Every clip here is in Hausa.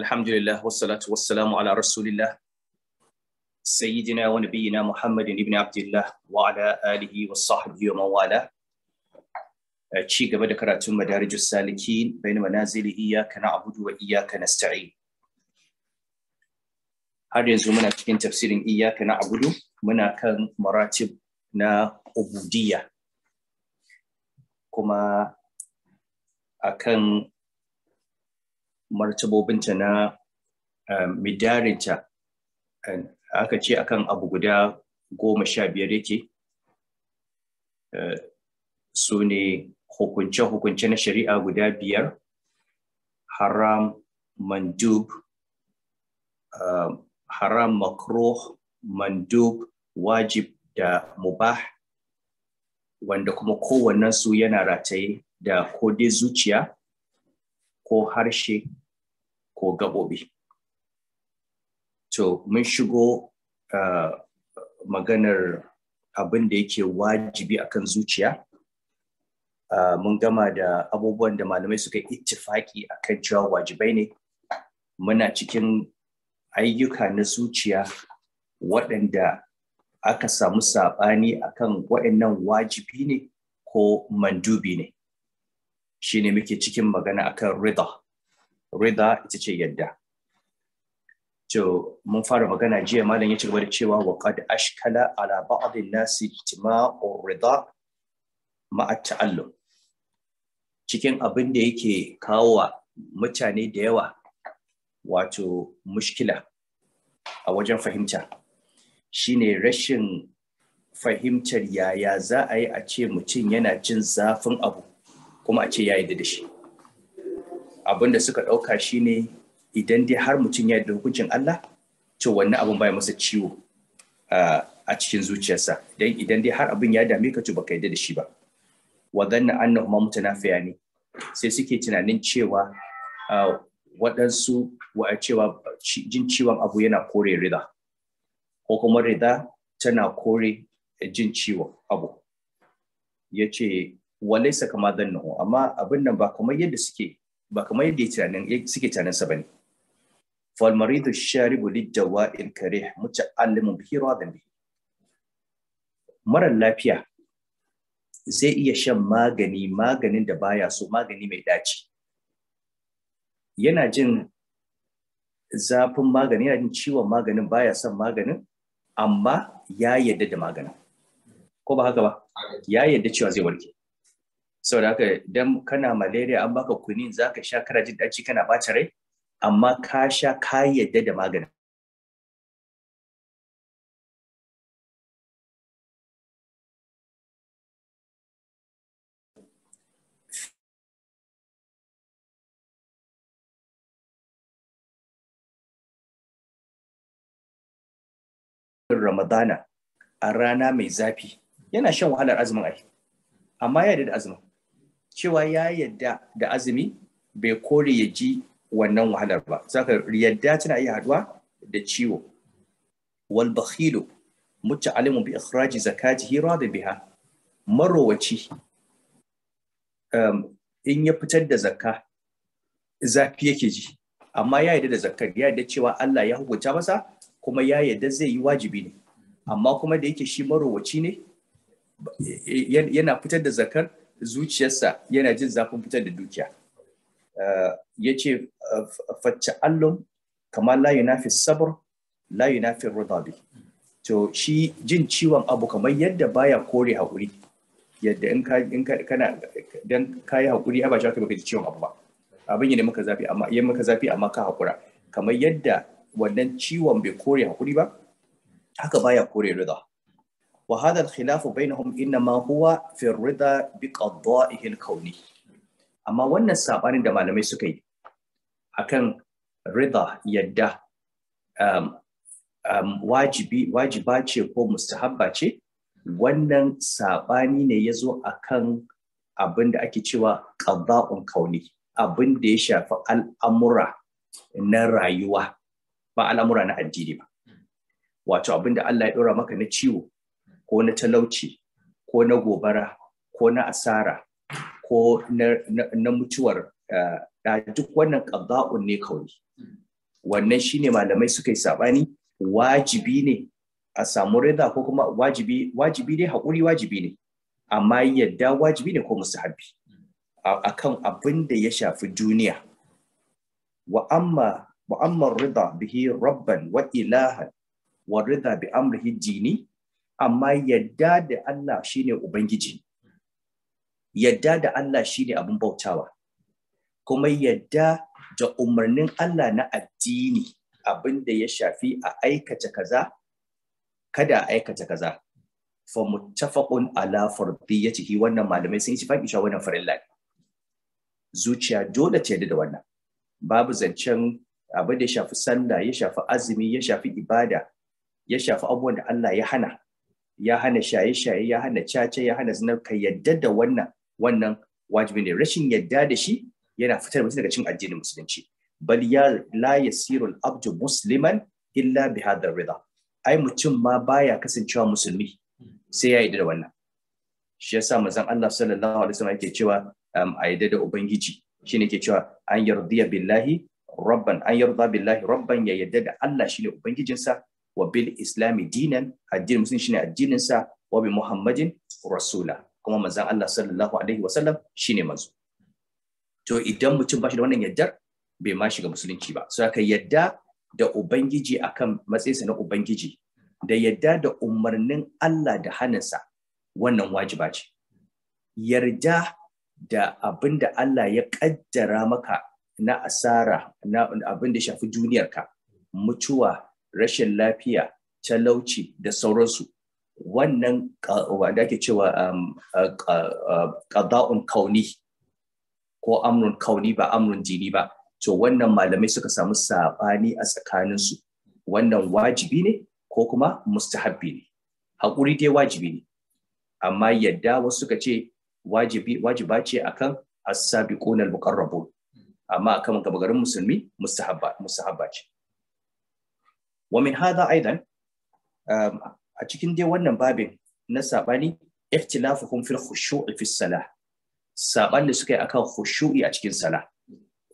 alhamdulillah wassalatu wassalamu ala rasulillah sayyidina wa nabiyina muhammadin ibn abdullah wa ala alihi wa sahbihi wa mawala eh, ci gaba da karatun madarijus salikin bain manazili iyyaka na'budu wa iyyaka nasta'in har yanzu muna cikin tafsirin iyyaka na'budu muna kan maratib na ubudiyya kuma akan martabobinta na um, midarinta um, aka ce a kan abu guda goma sha biyar yake uh, su ne hukunce-hukunce na shari'a guda biyar haram mandub um, haram makruh mandub wajib da mubah wanda kuma kowannen su yana rataye da ko dai zuciya ko harshe ko gabobi To, mun shigo uh, maganar abin da yake wajibi akan zuciya. Uh, mun gama da abubuwan da malamai suka ittifaki akan cewa wajibai ne. Muna cikin ayyuka na zuciya waɗanda aka samu saɓani akan waɗannan wajibi ne ko mandubi ne. shine muke cikin magana akan rida rida ita ce yadda to mun fara magana jiya malam ya ci gaba da cewa wa qad ashkala ala ba'd an-nas ijtima'u rida ma'a ta'allum cikin abin da yake kawo wa mutane da yawa wato mushkila a wajen fahimta shine rashin fahimtar yaya za a yi a ce mutum yana jin zafin abu kuma a ce ya yarda da shi abin da suka ɗauka shine idan dai har mutum ya da hukuncin Allah to wannan abin bai masa ciwo ah, a cikin zuciyarsa dan idan dai har abin ya dame ka to baka yarda da shi ba wa mutu na mutanafiya ne sai suke tunanin cewa ah, waɗansu wa cewa jin ciwon abu yana kore rida ko kuma rida tana kore jin ciwon abu ya ce walaisa kama dannahu amma abin nan ba kamar yadda suke ba kamar yadda tunanin suke tunanin sa bane fal maridu sharibu lidawa'il karih muta'allimun bi radan bi mara lafiya zai iya shan magani maganin da baya so magani mai daci yana jin zafin magani yana jin ciwon maganin baya son maganin amma ya yadda da maganin ko ba haka ba ya yadda cewa zai warke saboda haka idan kana malaria an baka kunin zaka sha kana jin daci kana ɓata rai amma ka sha ka yadda da maganin Ramadana a rana mai zafi yana shan wahalar azumin ai amma ya da azumin cewa ya yadda da azumi bai kore ya ji wannan wahalar ba saka yadda tana iya haduwa da ciwo wal bakhilu muta'allimu bi ikhraji zakatihi da biha marowaci um, in ya fitar da zakka zafi yake ji amma ya yadda da zakkar ya yadda cewa Allah ya hukunta masa kuma ya yadda zai yi wajibi ne amma kuma da yake shi marowaci ne yana fitar da zakar zuciyarsa yana jin zafin fitar da dukiya eh, ya ce facce allon kama na fi sabar, sabr na fi rudabi to shi jin ciwon abu kamar yadda baya kore haƙuri yadda in ka in kana dan haƙuri ba shi baka ji ciwon abu ba abin yana muka zafi amma maka zafi amma ka haƙura kamar yadda wannan ciwon bai kore haƙuri ba haka baya kore rida وهذا الخلاف بينهم إنما هو في الرضا بقضائه الكوني Amma wannan sabanin da malamai suka yi akan rida yadda um, um, wajibi wajiba ce ko mustahabba ce wannan sabani ne ya zo akan abin da ake cewa qada'un kauni abin da ya shafi al'amura na rayuwa ba al'amura na addini ba wato abin da Allah ya ɗora maka na ciwo ko na talauci ko na gobara ko na asara ko na, mutuwar eh, duk wannan ƙadda'un ne kawai wannan shine malamai suka yi saɓani wajibi ne a samu rida ko kuma wajibi ne haƙuri wajibi ne amma yadda wajibi ne ko musahabi a kan abin da ya shafi duniya wa amma rida bihi rabban wa wa rida bi amrihi dini amma yadda da Allah shine ubangiji yadda da Allah shine abin bautawa kuma yadda da umarnin Allah na addini abin da ya shafi a aikata kaza kada a aikata kaza fa muttafaqun ala ciki wannan malamai sun yi fahimci cewa wannan farin lai zuciya dole ta da wannan babu zancen abin da ya shafi sallah ya shafi azumi ya shafi ibada ya shafi abubuwan da Allah ya hana ya hana shaye-shaye ya hana caca ya hana zinar ka yadda da wannan wannan wajibi ne rashin yadda da shi yana fitar mutum daga cin addinin musulunci bal ya la yasirul abdu musliman illa bi hadar rida ai mutum ma baya kasancewa musulmi sai ya yadda da wannan shi yasa manzon Allah sallallahu alaihi wasallam yake cewa um, a yadda da ubangiji ne ke cewa an yardiya billahi rabban an yarda billahi rabban ya yadda da Allah shine ubangijinsa wa bil islami dinan addinin musulunci shine addinin sa wa bi muhammadin rasula kuma manzon Allah sallallahu alaihi wasallam shine manzo to idan mutum ba shi da wannan yaddar bai ma shiga musulunci ba so aka yadda da ubangiji akan matsayinsa na ubangiji da yadda da umarnin Allah da hannunsa wannan wajiba ce yarda da abinda Allah ya kaddara maka na asara na abin da shafi duniyarka mutuwa rashin lafiya talauci da sauransu wannan uh, wanda ake cewa ƙaza'un um, uh, uh, kauni ko amrun kauni ba amrun jini ba to wannan malamai suka samu saɓani a tsakaninsu wannan wajibi ne ko kuma mustahabbi ne haƙuri dai wajibi ne amma yadda wasu suka ce wajiba ce akan asabi sabiquna al rabu amma akan garin musulmi mustahabba ce wa min hadha aidan um, a cikin dai wannan babin na sabani ihtilafuhum fil khushu'i fi salah saban da suka yi akan khushu'i a cikin salah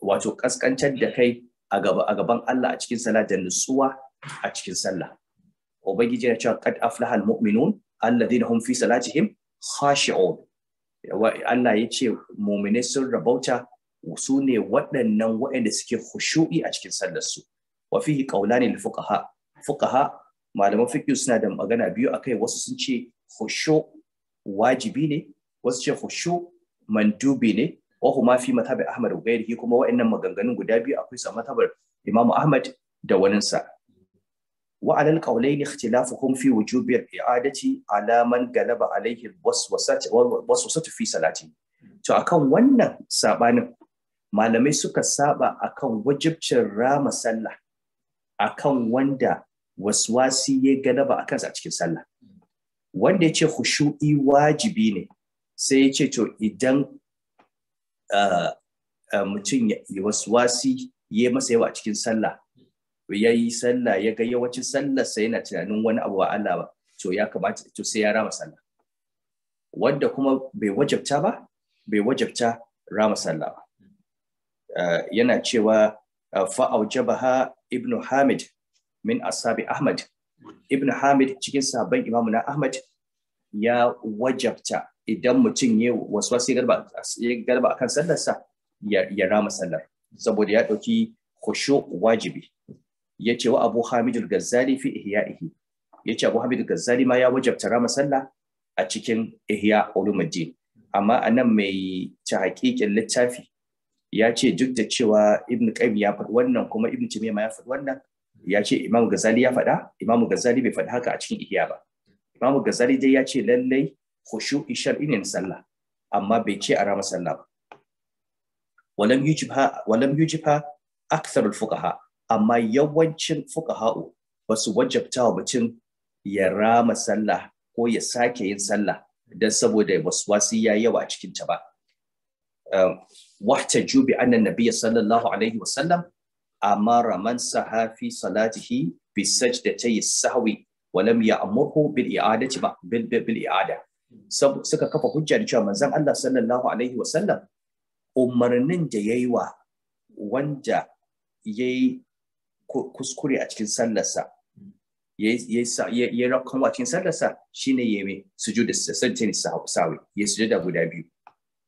wato kaskantar da kai a gaban Allah a cikin sala da nutsuwa a cikin sallah ubangiji ya ce qad aflaha al mu'minun alladhina hum fi salatihim khashi'un Allah ya ce muminai sun rabauta su ne waɗannan waɗanda suke khushu'i a cikin sallarsu wa fihi qawlani lil fuqaha fuqaha malaman fiqh suna da magana biyu akai wasu sun ce khushu wajibi ne wasu ce khushu mandubi ne wa huma fi matabi ahmad wa ghairihi kuma wa'annan maganganun guda biyu akwai sa matabar Imam ahmad da waninsa وعلى القولين اختلافهم في وجوب الإعادة على من غلب عليه الوسوسة في صلاته to akan wannan saɓanin, malamai suka saɓa akan wajibcin rama sallah akan wanda waswasi ya galaba a kansa a cikin sallah wanda ya ce hushu'i wajibi ne sai ya ce to idan mutum ya waswasi ya masa yawa a cikin sallah ya yi sallah ya ga yawancin sai yana tunanin wani abu wa Allah ba to ya kamata to sai ya rama sallah wanda kuma bai wajabta ba bai wajabta rama sallah ba yana cewa Uh, fa'aujabaha ibn hamid min asabi ahmad ibn hamid cikin sabon imamu na ahmad ya wajabta idan mutum ya waswasi ya garba akan sallarsa ya rama sallar saboda ya ɗauki kushu' wajibi ya ce wa abu hamidul gazzali fi ihya'ihi ya ce abu hamidul ma ya wajabta rama sallah a cikin ihya ulumuddin amma anan mai ta hakikin littafi ya ce duk da cewa ibn qayyim ya faɗi wannan kuma ibn Jami'a ma ya faɗi wannan ya ce imam Gazali ya faɗa imam Gazali bai faɗi haka a cikin ihya ba imam Gazali dai ya ce lallai khushu'i shar'i ne sallah amma bai ce a rama sallah ba walam yujiba walam yujiba aktharul fuqaha amma yawancin fuqaha'u ba su wajabta wa mutum ya rama sallah ko ya sake yin sallah don saboda waswasiya ya yawa a ta ba um, واحتجوا بأن النبي صلى الله عليه وسلم أمر من سها في صلاته بسجدتي السهو ولم يأمره بالإعادة بالإعادة suka kafa hujjar da cewa manzon Allah sallallahu alaihi wasallam umarnin da yayi wa wanda yayi kuskure a cikin sallarsa ya rakon a cikin sallarsa shine ya mai sujuda sajdatin sawi ya sujuda guda biyu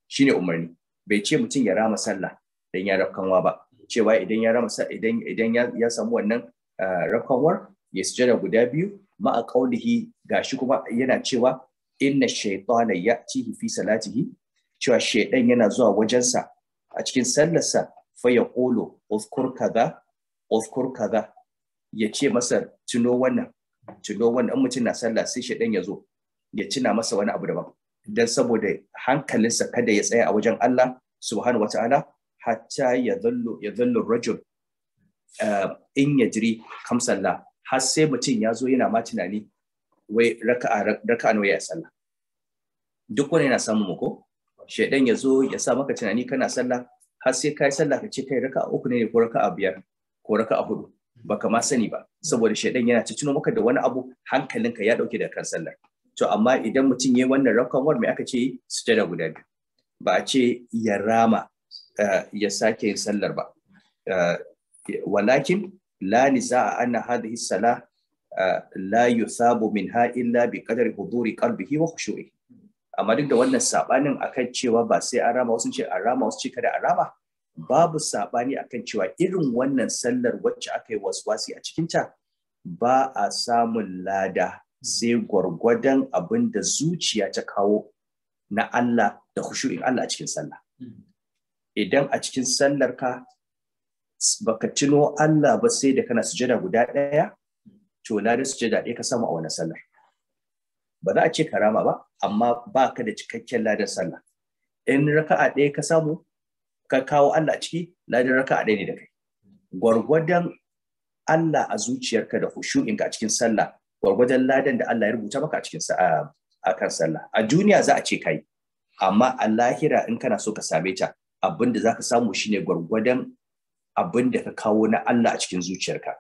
shine umarni bai ce mutum ya rama sallah dan ya rafkanwa ba cewa idan ya rama idan idan ya samu wannan ah, rakanwar ya sujada guda biyu ma a qaulihi gashi kuma yana cewa inna shaytana ya'tihi fi salatihi cewa shaydan yana zuwa wajensa a cikin sallarsa fa ya qulu uzkur kaza uzkur kaza ya ce masa tuno wannan tuno wannan mutum na sallah sai shaydan ya zo ya cina masa wani abu daban dan saboda hankalinsa kada ya tsaya a wajen Allah subhanahu wata'ala hatta ya zallu ya zallu rajul eh, in yajri kamsalla har sai mutum ya zo yana ma tunani wai raka'a raka'a ne ya sallah duk wani yana samun ko shedan ya zo ya sa maka tunani kana sallah har sai kai sallah ka ce kai raka'a uku ne ko raka'a biyar ko raka'a hudu baka ma sani ba saboda shedan yana ta maka da wani abu hankalinka ya dauke da kan sallar to amma idan mutum ya yi wannan rakon me aka ce sujada guda biyu ba a ce ya rama eh, ya sake yin sallar ba eh, walakin la a ana hada hisala eh, la yusabu minha illa bi qadri huduri wa khushu'i amma duk da wannan sabanin akan cewa ba sai an rama wasu ce an rama wasu ce kada an rama babu sabani akan cewa irin wannan sallar wacce aka yi waswasi a cikinta ba a samun lada zai gwargwadon abin da zuciya ta kawo na Allah da khushu'in Allah a cikin sallah idan a cikin sallar ka baka tuno Allah ba sai da kana sujada guda ɗaya to na da sujada ɗaya ka samu a wani sallar ba za a ce karama ba amma ba ka da cikakken ladar sallah in raka'a ɗaya ka samu ka kawo Allah a ciki raka raka'a ɗaya ne da kai gwargwadon Allah a zuciyarka da khushu'inka a cikin sallah gwargwajen ladan da Allah ya rubuta maka a cikin a kan sallah a duniya za a ce kai amma a lahira in kana so ka same ta abin da zaka samu shine gwargwadon abin da ka kawo na Allah a cikin zuciyarka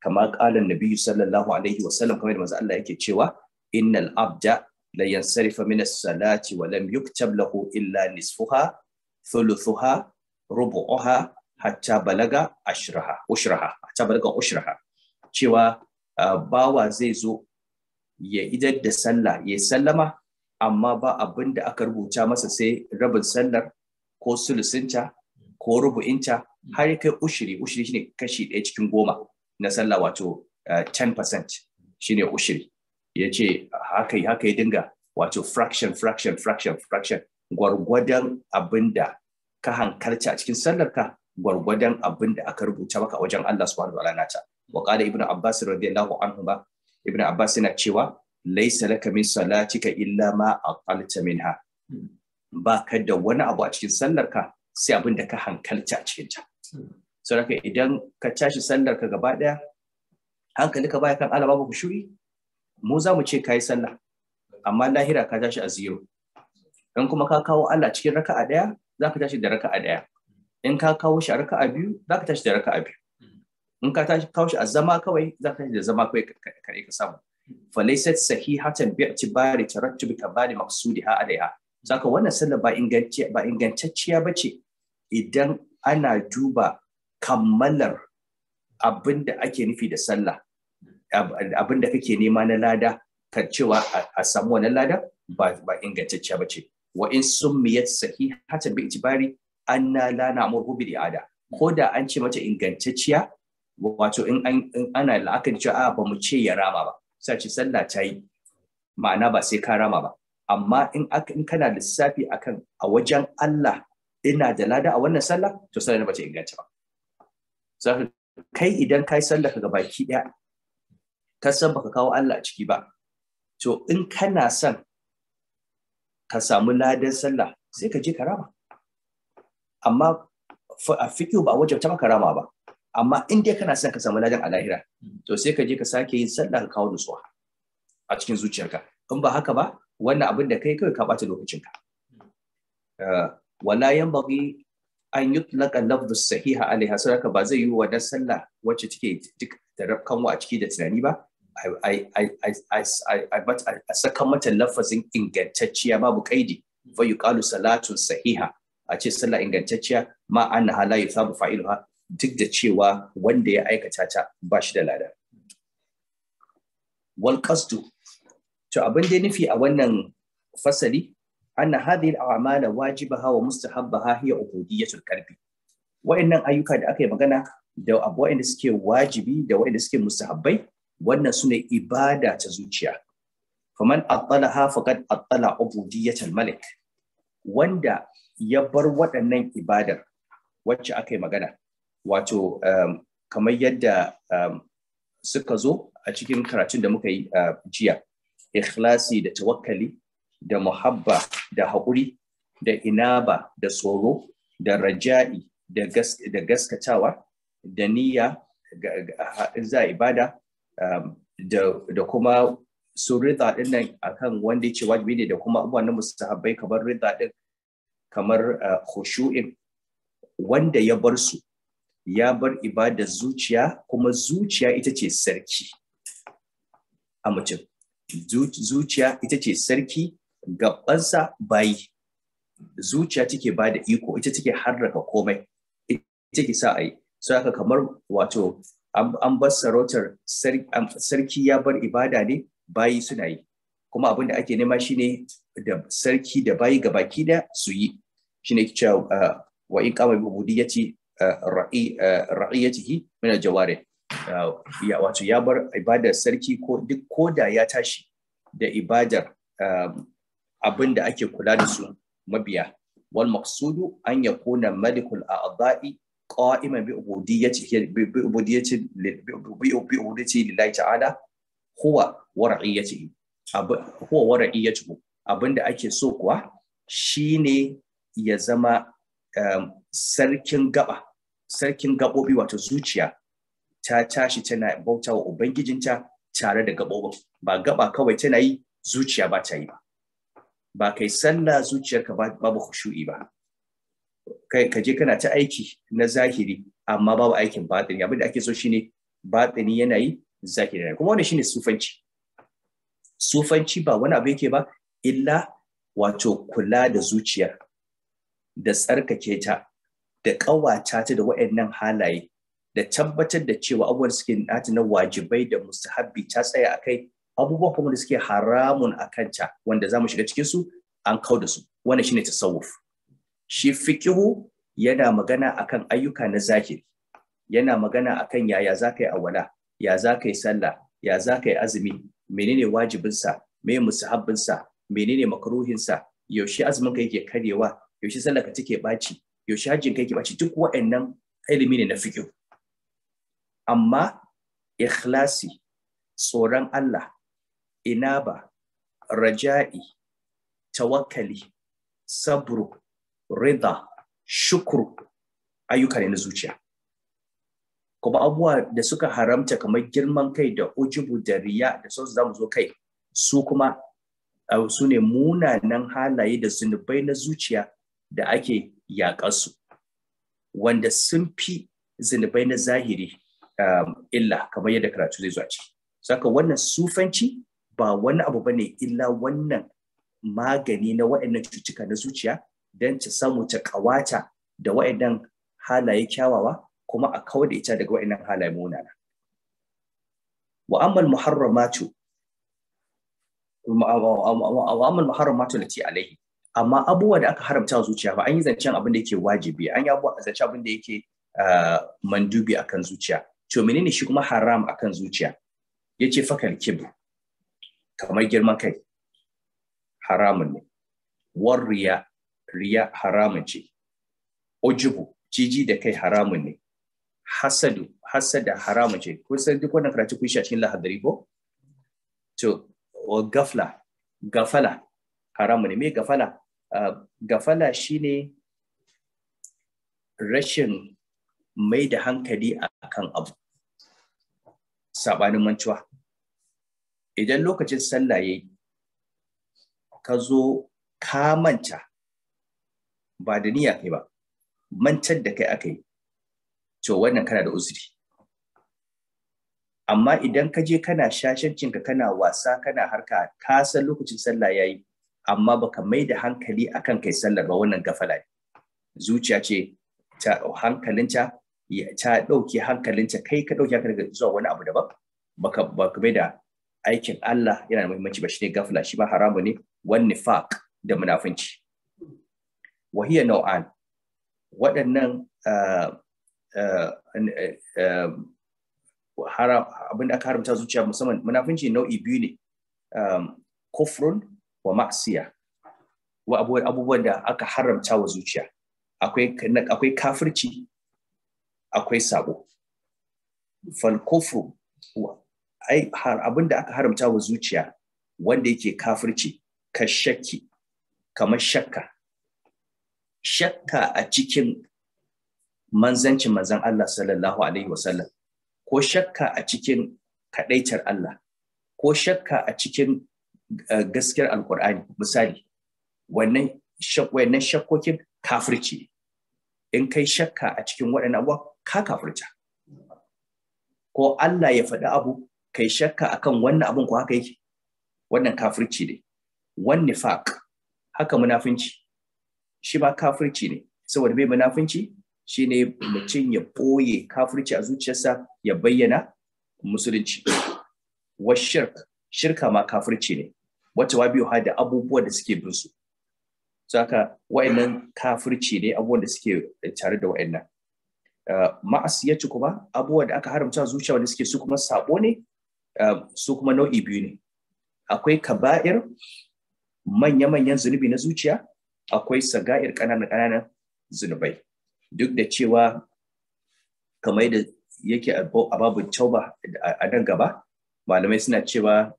Kamar qalan nabiyyu sallallahu alaihi wa sallam kamar da manzo Allah yake cewa innal abda la yansarifa min as-salati wa lam yuktab lahu illa nisfuha thuluthuha rubu'uha hatta balaga ashraha ushraha hatta balaga ushraha cewa bawa zai zo ya idar da sallah ya sallama amma ba abin da aka rubuta masa sai rabin sallar ko sulusinta ko rubu'inta har kai ushiri ushiri shine kashi ɗaya cikin goma na sallah wato 10% shine ushiri ya ce haka haka ya dinga wato fraction fraction fraction fraction gwargwadon abin da ka hankalca a cikin sallar ka gwargwadon abin da aka rubuta maka wajen Allah subhanahu wa ta'ala wa qala ibnu abbas radiyallahu anhu ba ibnu abbas yana cewa laysa laka min ka illa ma aqalta minha ba ka da wani abu a cikin sallarka sai abin da ka hankalta a cikin ta saboda idan ka tashi sallarka gaba daya hankalinka baya kan alaba babu shuri mu za mu ce ka yi sallah amma lahira ka tashi a zero in kuma ka kawo Allah cikin raka'a ɗaya za ka tashi da raka'a ɗaya in ka kawo shi a raka'a biyu za ka tashi da raka'a biyu in ka tashi kawo shi a zama kawai za ka da zama kawai kare ka samu falaisat sahihatan bi i'tibari tarattubi maksudi ha. alaiha saka wannan sallar ba ingantacciya ba ingantacciya bace idan ana duba kammalar abin da ake nufi da sallah abin kake nema na lada kan cewa a samu wannan lada ba ba ingantacciya bace wa in summiyat sahihatan bi itibari anna la na'muru bi i'ada ko da an ce mata ingantacciya wato in ana la'akari cewa ba mu ce ya rama ba sai ce sallah ta yi ma'ana ba sai ka rama ba amma in in kana lissafi akan a wajen Allah ina da lada a wannan sallah to sallah ba ta inganta ba kai idan kai sallah ka baki daya ka san baka kawo Allah a ciki ba to in kana son ka samu ladan sallah sai ka je ka rama amma a fikiyo ba wajen ta maka rama ba amma in dai kana son ka samu ladan a lahira to sai ka je ka sake yin sallah ka kawo nutsuwa a cikin zuciyarka in ba haka ba wannan abin da kai kawai ka lokacin ka. Eh, wala yan bagi an yutlaqa lafdhu sahiha alaiha saraka ba zai yi wa dan sallah wacce take duk da wa a ciki da tunani ba a saka mata lafazin ingantacciya babu kaidi fa yuqalu salatun sahiha a ce sallah ingantacciya ma anna la yusabu fa'iluha duk da cewa wanda ya aikata ta ba shi da lada. Walƙastu, to abin da nufi a wannan fasali anna hadhihi al-a'mala wajibaha wa mustahabbaha hiya ubudiyyatul qalbi wayannan ayyuka da aka yi magana da abu suke wajibi da da suke mustahabbai wannan sune ibada ta zuciya faman attalaha faqad attala ubudiyyatul malik wanda ya bar waɗannan ibadar wacce aka yi magana wato um, kamar yadda um, suka zo a cikin karatun da muka yi uh, jiya ikhlasi da tawakkali da muhabba da haƙuri da inaba da tsoro da raja'i da, gas, gaskatawa da niyya za ibada um, da, da kuma su rida din nan akan wanda ya ce wajibi ne da kuma abubuwan na musahabbai kamar rida din kamar uh, khushu'in wanda ya bar su ya bar ibada zuciya kuma zuciya ita ce sarki a mutum zuciya ita ce sarki gabansa bayi zuciya take ba da iko ita take harraka komai ita ke sa a yi so haka kamar wato an bar sarautar sarki ya bar ibada ne bayi suna yi kuma abin da ake nema shine da sarki da bayi ga baki da su yi shine cewa ah, wa in kama bi ce? Eh, eh, ra'iyatihi min al Ya wato ya bar ibadar sarki ko duk koda ya tashi da ibadar eh, abin da ake kula da su mabiya wal maqsudu an yakuna malikul a'dha'i qa'iman bi ubudiyyati bi ubudiyyati bi ubudiyyati lillahi ta'ala huwa wa ra'iyatihi huwa wa ra'iyatuhu abinda ake so kuwa shine ya zama sarkin gaba sarkin gaɓoɓi wato zuciya ta tashi tana bauta wa ubangijinta tare da gaɓoɓin ba gaba kawai tana yi zuciya ba ta yi ba ba kai sallah zuciyarka babu khushu'i ba kai ka je kana ta aiki na zahiri amma babu aikin batini abin da ake so shine batini yana yi zahiri kuma wannan shine sufanci sufanci ba wani abu yake ba illa wato kula da zuciya da tsarkake ta da ƙawata ta da waɗannan halaye da tabbatar da cewa abubuwan suke nata na wajibai da mustahabbi ta tsaya a kai abubuwan kuma da suke haramun a kanta wanda za mu shiga cikin su an kau da su wannan shine tasawuf shi fikihu yana magana akan ayyuka na zahiri yana magana akan yaya za ka yi awala ya za ka yi sallah ya za ka yi azumi menene wajibinsa me musahabbinsa menene makaruhinsa yaushe azumin ka yake karewa yaushe sallah ka take ɓaci yaushe kai ki baci duk waɗannan ilimi ne na fikiyo. amma ikhlasi tsoron Allah inaba raja'i tawakkali sabru rida shukru ayyuka ne na zuciya kuma abubuwa da suka haramta kamar girman kai da ujubu da riya da sauransu zamu zo kai su kuma uh, su ne munanan halaye da zunubai na zuciya da ake yaƙarsu wanda sun fi zinubai na zahiri um, illa kamar yadda karatu zai zuwa ciki saka wannan sufanci ba wani abu ba ne illa wannan magani na waɗannan cutuka na zuciya don ta samu ta ƙawata da waɗannan halaye kyawawa kuma a kawar da ita daga waɗannan halaye munana Wa'amal muharramatu wa muharramatu lati alaihi amma abubuwa da aka haramta zuciya ba an yi zancen abin da yake wajibi an yi abubuwa zancen abin da yake ah, mandubi akan zuciya to menene shi kuma haram akan zuciya yace fakal kibr kamar girman kai haramun ne war riya riya haramun ce ujubu jiji da kai haramun ne hasadu hasada haramun ce san duk wannan karatu kun shi a cikin lahadari ko to gafla gafala haramun ne me gafala gafala shine rashin mai da hankali akan abu saɓanin mantuwa idan lokacin sallah yayi ka zo ka manta ba da niyya kai ba mantar da kai aka yi to wannan kana da uzuri amma idan ka je kana shashancinka kana wasa kana harka ka san lokacin sallah yayi amma baka mai da hankali akan kai sallar ba wannan gafala ne zuciya ce ta hankalinta ta ɗauki hankalinta kai ka ɗauke hankalinka zuwa wani abu daban baka baka mai da aikin Allah yana da muhimmanci ba shine gafala shi ba haramu ne wani faq da munafinci wa hiya nau'an waɗannan abin da aka haramta zuciya musamman munafinci nau'i biyu ne kufrun wa ma'siya wa abubuwan da aka haramta wa zuciya akwai kafirci akwai sabo Falkofu, abin da aka haramta wa zuciya wanda yake kafirci ka shakki kamar shakka shakka a cikin manzancin manzan Allah sallallahu alaihi wasallam ko shakka a cikin kadaitar Allah ko shakka a cikin Eh, gaskiyar alkur'ani misali wannan wannan shakkokin kafirci in kai shakka a cikin waɗannan abuwa ka kafirta ko Allah ya faɗi abu kai shakka akan wannan abun ko haka yake wannan kafirci ne wan nifaq haka munafinci shi ma kafirci ne saboda bai munafinci shine mutum ya boye kafirci a zuciyarsa ya bayyana musulunci wa shirk shirka ma kafirci ne wacce wa biyu da abubuwan da suke bin su saka wa'annan kafirci ne abubuwan da suke tare da wa'annan ci eh, kuma abubuwan da aka haramta zuciya wanda suke su kuma sabo ne eh, su kuma nau'i biyu ne akwai kaba'ir manya-manyan zunubi na zuciya akwai saga'ir ƙananan-ƙananan zunubai duk da cewa kamar da yake a babu tauba a nan gaba malamai suna cewa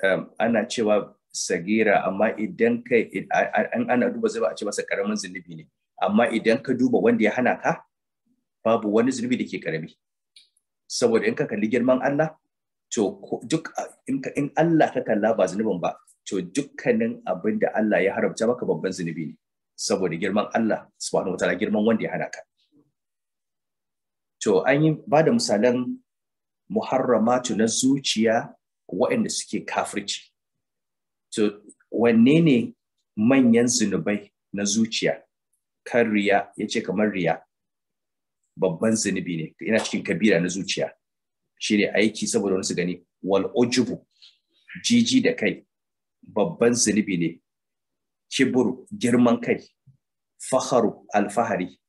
Um, ana cewa sagira amma idan kai an ana duba zai ba a ce masa karamin zunubi ne amma idan ka duba wanda ya hana ka babu wani zunubi da ke karami saboda in ka kalli girman Allah to duk in Allah ka kalla ba zunubin ba to dukkanin abin da Allah ya haramta maka babban zunubi ne saboda girman Allah subhanahu wataala girman wanda ya hana ka to an yi bada da misalan muharramatu na zuciya waɗanda suke kafirci to wanne ne manyan zinubai na zuciya kan riya ya ce kamar riya babban zunubi ne yana cikin kabira na zuciya shine aiki saboda wani su gani wal ujubu jiji da kai babban zunubi ne kibur girman kai faharu alfahari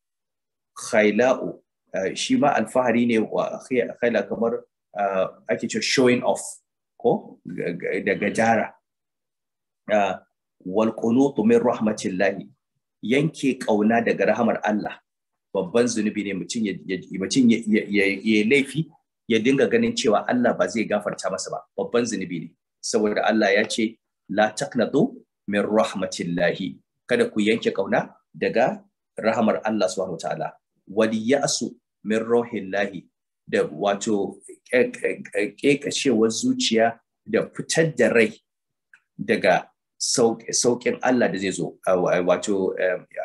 khaila'u eh, shi ma alfahari ne wa khaila kamar eh, ake cewa showing off ko daga jara, wal qunutu min rahmatillahi yanke ƙauna daga rahamar Allah babban zunubi ne mutum ya ya laifi ya dinga ganin cewa Allah ba zai gafarta masa ba babban zunubi ne saboda Allah ya ce la taqnatu min rahmatillahi kada ku yanke ƙauna daga rahamar Allah subhanahu wataala wal ya'su min rohillahi da wato eh, eh, eh, ƙeƙashewar zuciya da fitar da rai daga sauƙin Allah da zai zo wato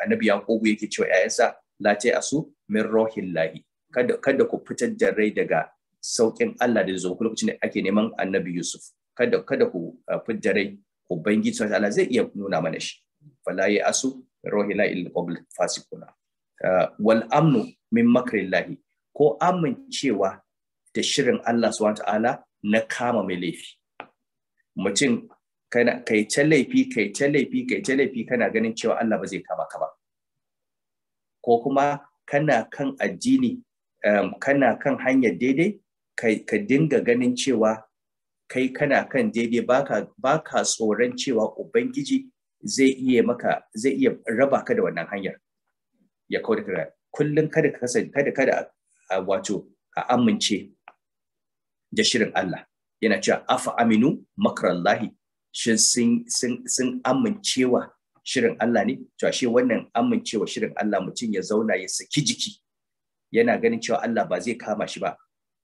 annabi Yaqubu yake cewa ‘ya'yansa late a su min rohin lahi kada ku fitar da rai daga sauƙin Allah da zai zo lokacin da ake neman annabi Yusuf kada ku fitar da rai ubangiji sun Allah zai iya nuna mana shi fala ya asu rohi la il qabl fasikuna wal amnu min makrillahi ko amincewa da shirin Allah subhanahu ta'ala na kama mai laifi mutum kai ta laifi kai ta laifi kai ta laifi kana ganin cewa Allah ba zai kama ka ba ko kuma kana kan addini um, kana kan hanyar daidai ka dinga ganin cewa kai kana kan daidai baka baka tsoron cewa ubangiji zai iya maka zai iya raba ka da wannan hanyar ya kawo daga kullum kada ka wato a amince da shirin Allah yana cewa afa aminu makrallahi shin sun amincewa shirin Allah ne to ashe wannan amincewa shirin Allah mutum ya zauna ya saki jiki yana ganin cewa Allah ba zai kama shi ba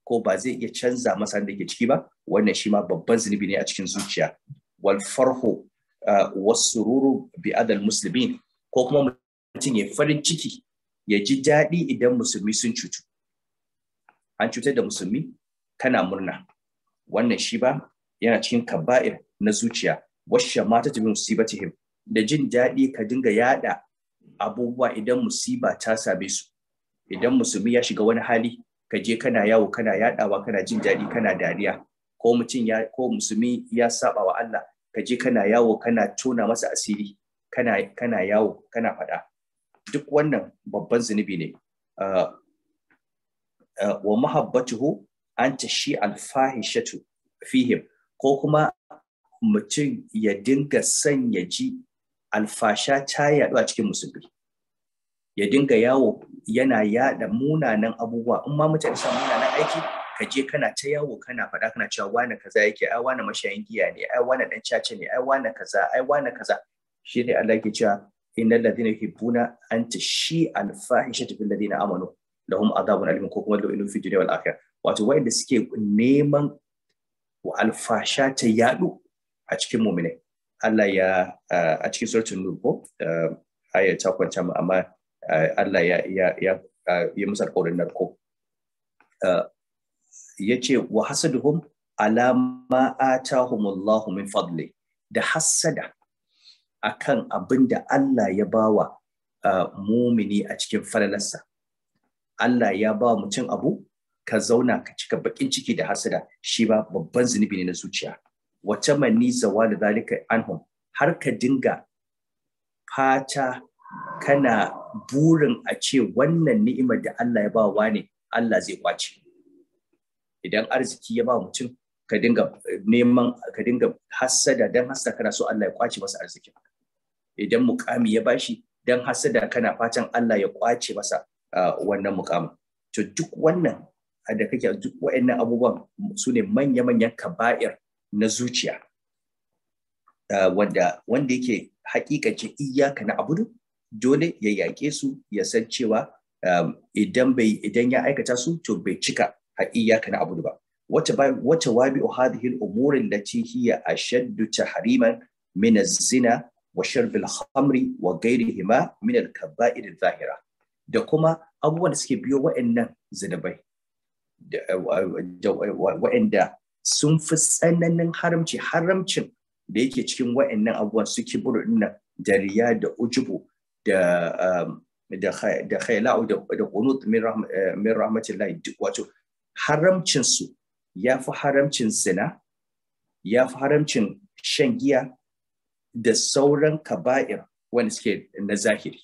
ko ba zai iya canza masa da ke ciki ba wannan shi ma babban zunubi ne a cikin zuciya wal farhu wasururu bi adal muslimin ko kuma mutum ya farin ciki ya ji daɗi idan musulmi sun cutu an cutar da musulmi kana murna wannan shi ba yana cikin kaba'ir na zuciya washa mata ta musibatihim da jin daɗi ka dinga yada abubuwa idan musiba ta same su idan musulmi ya shiga wani hali ka je kana yawo kana yadawa kana jin daɗi kana dariya ko mutum ya ko musulmi ya saba wa Allah ka je kana yawo kana tona masa asiri kana kana yawo kana faɗa duk wannan babban zunubi ne ah, Eh, wa mahabbatuhu an ta shi alfahishatu fihim ko kuma mutum ya dinga son ya ji alfasha ta yaɗu a cikin musulmi ya dinga yawo yana yaɗa munanan abubuwa in ma mutane sa munanan aiki ka je kana ta yawo kana faɗa kana cewa wani kaza yake ai wani mashayin giya ne ai wani dan caca ne ai wani kaza ai wani kaza shine Allah ke cewa innal ladina yuhibbuna an tashi alfahishatu bil ladina amanu lahum adabun alim ko kuma la'inun fi dunya wal akhirah wato wa'anda suke neman alfasha ta yadu a cikin mu'minai Allah ya a cikin suratul nur ko aya ta kwanta mu amma Allah ya ya ya ya musa alƙawarin narko yace wa hasaduhum ala ma atahumullahu min fadli da hasada akan abin da Allah ya bawa mumini a cikin falalarsa Allah ya ba mutum abu ka zauna ka cika bakin ciki da hasada shi ba babban zunubi ne na zuciya wace manni zawali zalika anhum har ka dinga fata kana burin a ce wannan ni'imar da Allah ya ba wa ne Allah zai kwace idan arziki ya ba mutum ka dinga neman ka dinga hasada dan hasada kana so Allah ya kwace masa arziki idan mukami ya bashi dan hasada kana fatan Allah ya kwace masa wannan mukamin to duk wannan da kake duk waɗannan abubuwan su ne manya-manyan kaba'ir na zuciya wanda wanda yake hakikace iyaka na abudu dole ya yaƙe su ya san cewa idan bai idan ya aikata su to bai cika iyaka na abudu ba wata ba wata wabi hadhihi al-umur allati hiya ashaddu tahriman min az-zina wa sharb al-khamri wa ghayrihima min al-kaba'ir adh-dhahira da kuma abubuwan da suke biyo wa'annan zunubai eh, wa'anda sun fi tsananin haramci haramcin da yake cikin wa'annan abubuwan suke buru dinnan da riya da ujubu da um, da khaila'u da qunut min eh, rahmatillahi wato haramcin su yafi haramcin zina ya haramcin shan giya da sauran kaba'ir wanda suke na zahiri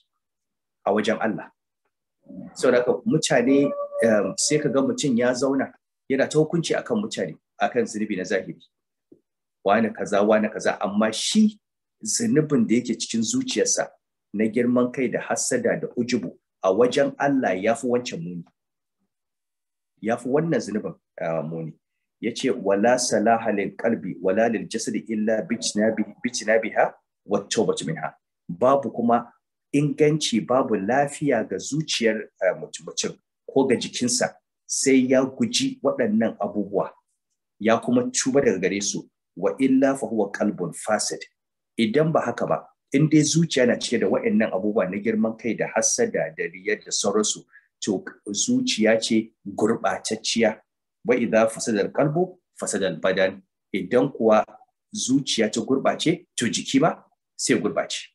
a wajen Allah saboda mutane um, sai ka ga mutum ya zauna yana ta hukunci akan mutane akan zunubi na zahiri wani kaza wani kaza amma shi zunubin da yake cikin zuciyarsa na girman kai da hassada da ujubu a wajen Allah ya fi wancan muni ya fi wannan zunubin uh, muni ya ce wala salaha lil wala lil jasadi illa bitinabiha wa minha babu kuma inganci babu lafiya ga zuciyar eh, mutum ko ga jikinsa sai ya guji waɗannan abubuwa ya kuma tuba daga gare su wa illa fa huwa kalbun fasid idan ba haka ba in dai zuciya na cike da waɗannan abubuwa na girman kai da hassada da riyar da sauransu to zuciya ce gurɓatacciya wa idza fasadal qalbu fasadal badan idan kuwa zuciya ta gurɓace to jiki ba sai gurɓace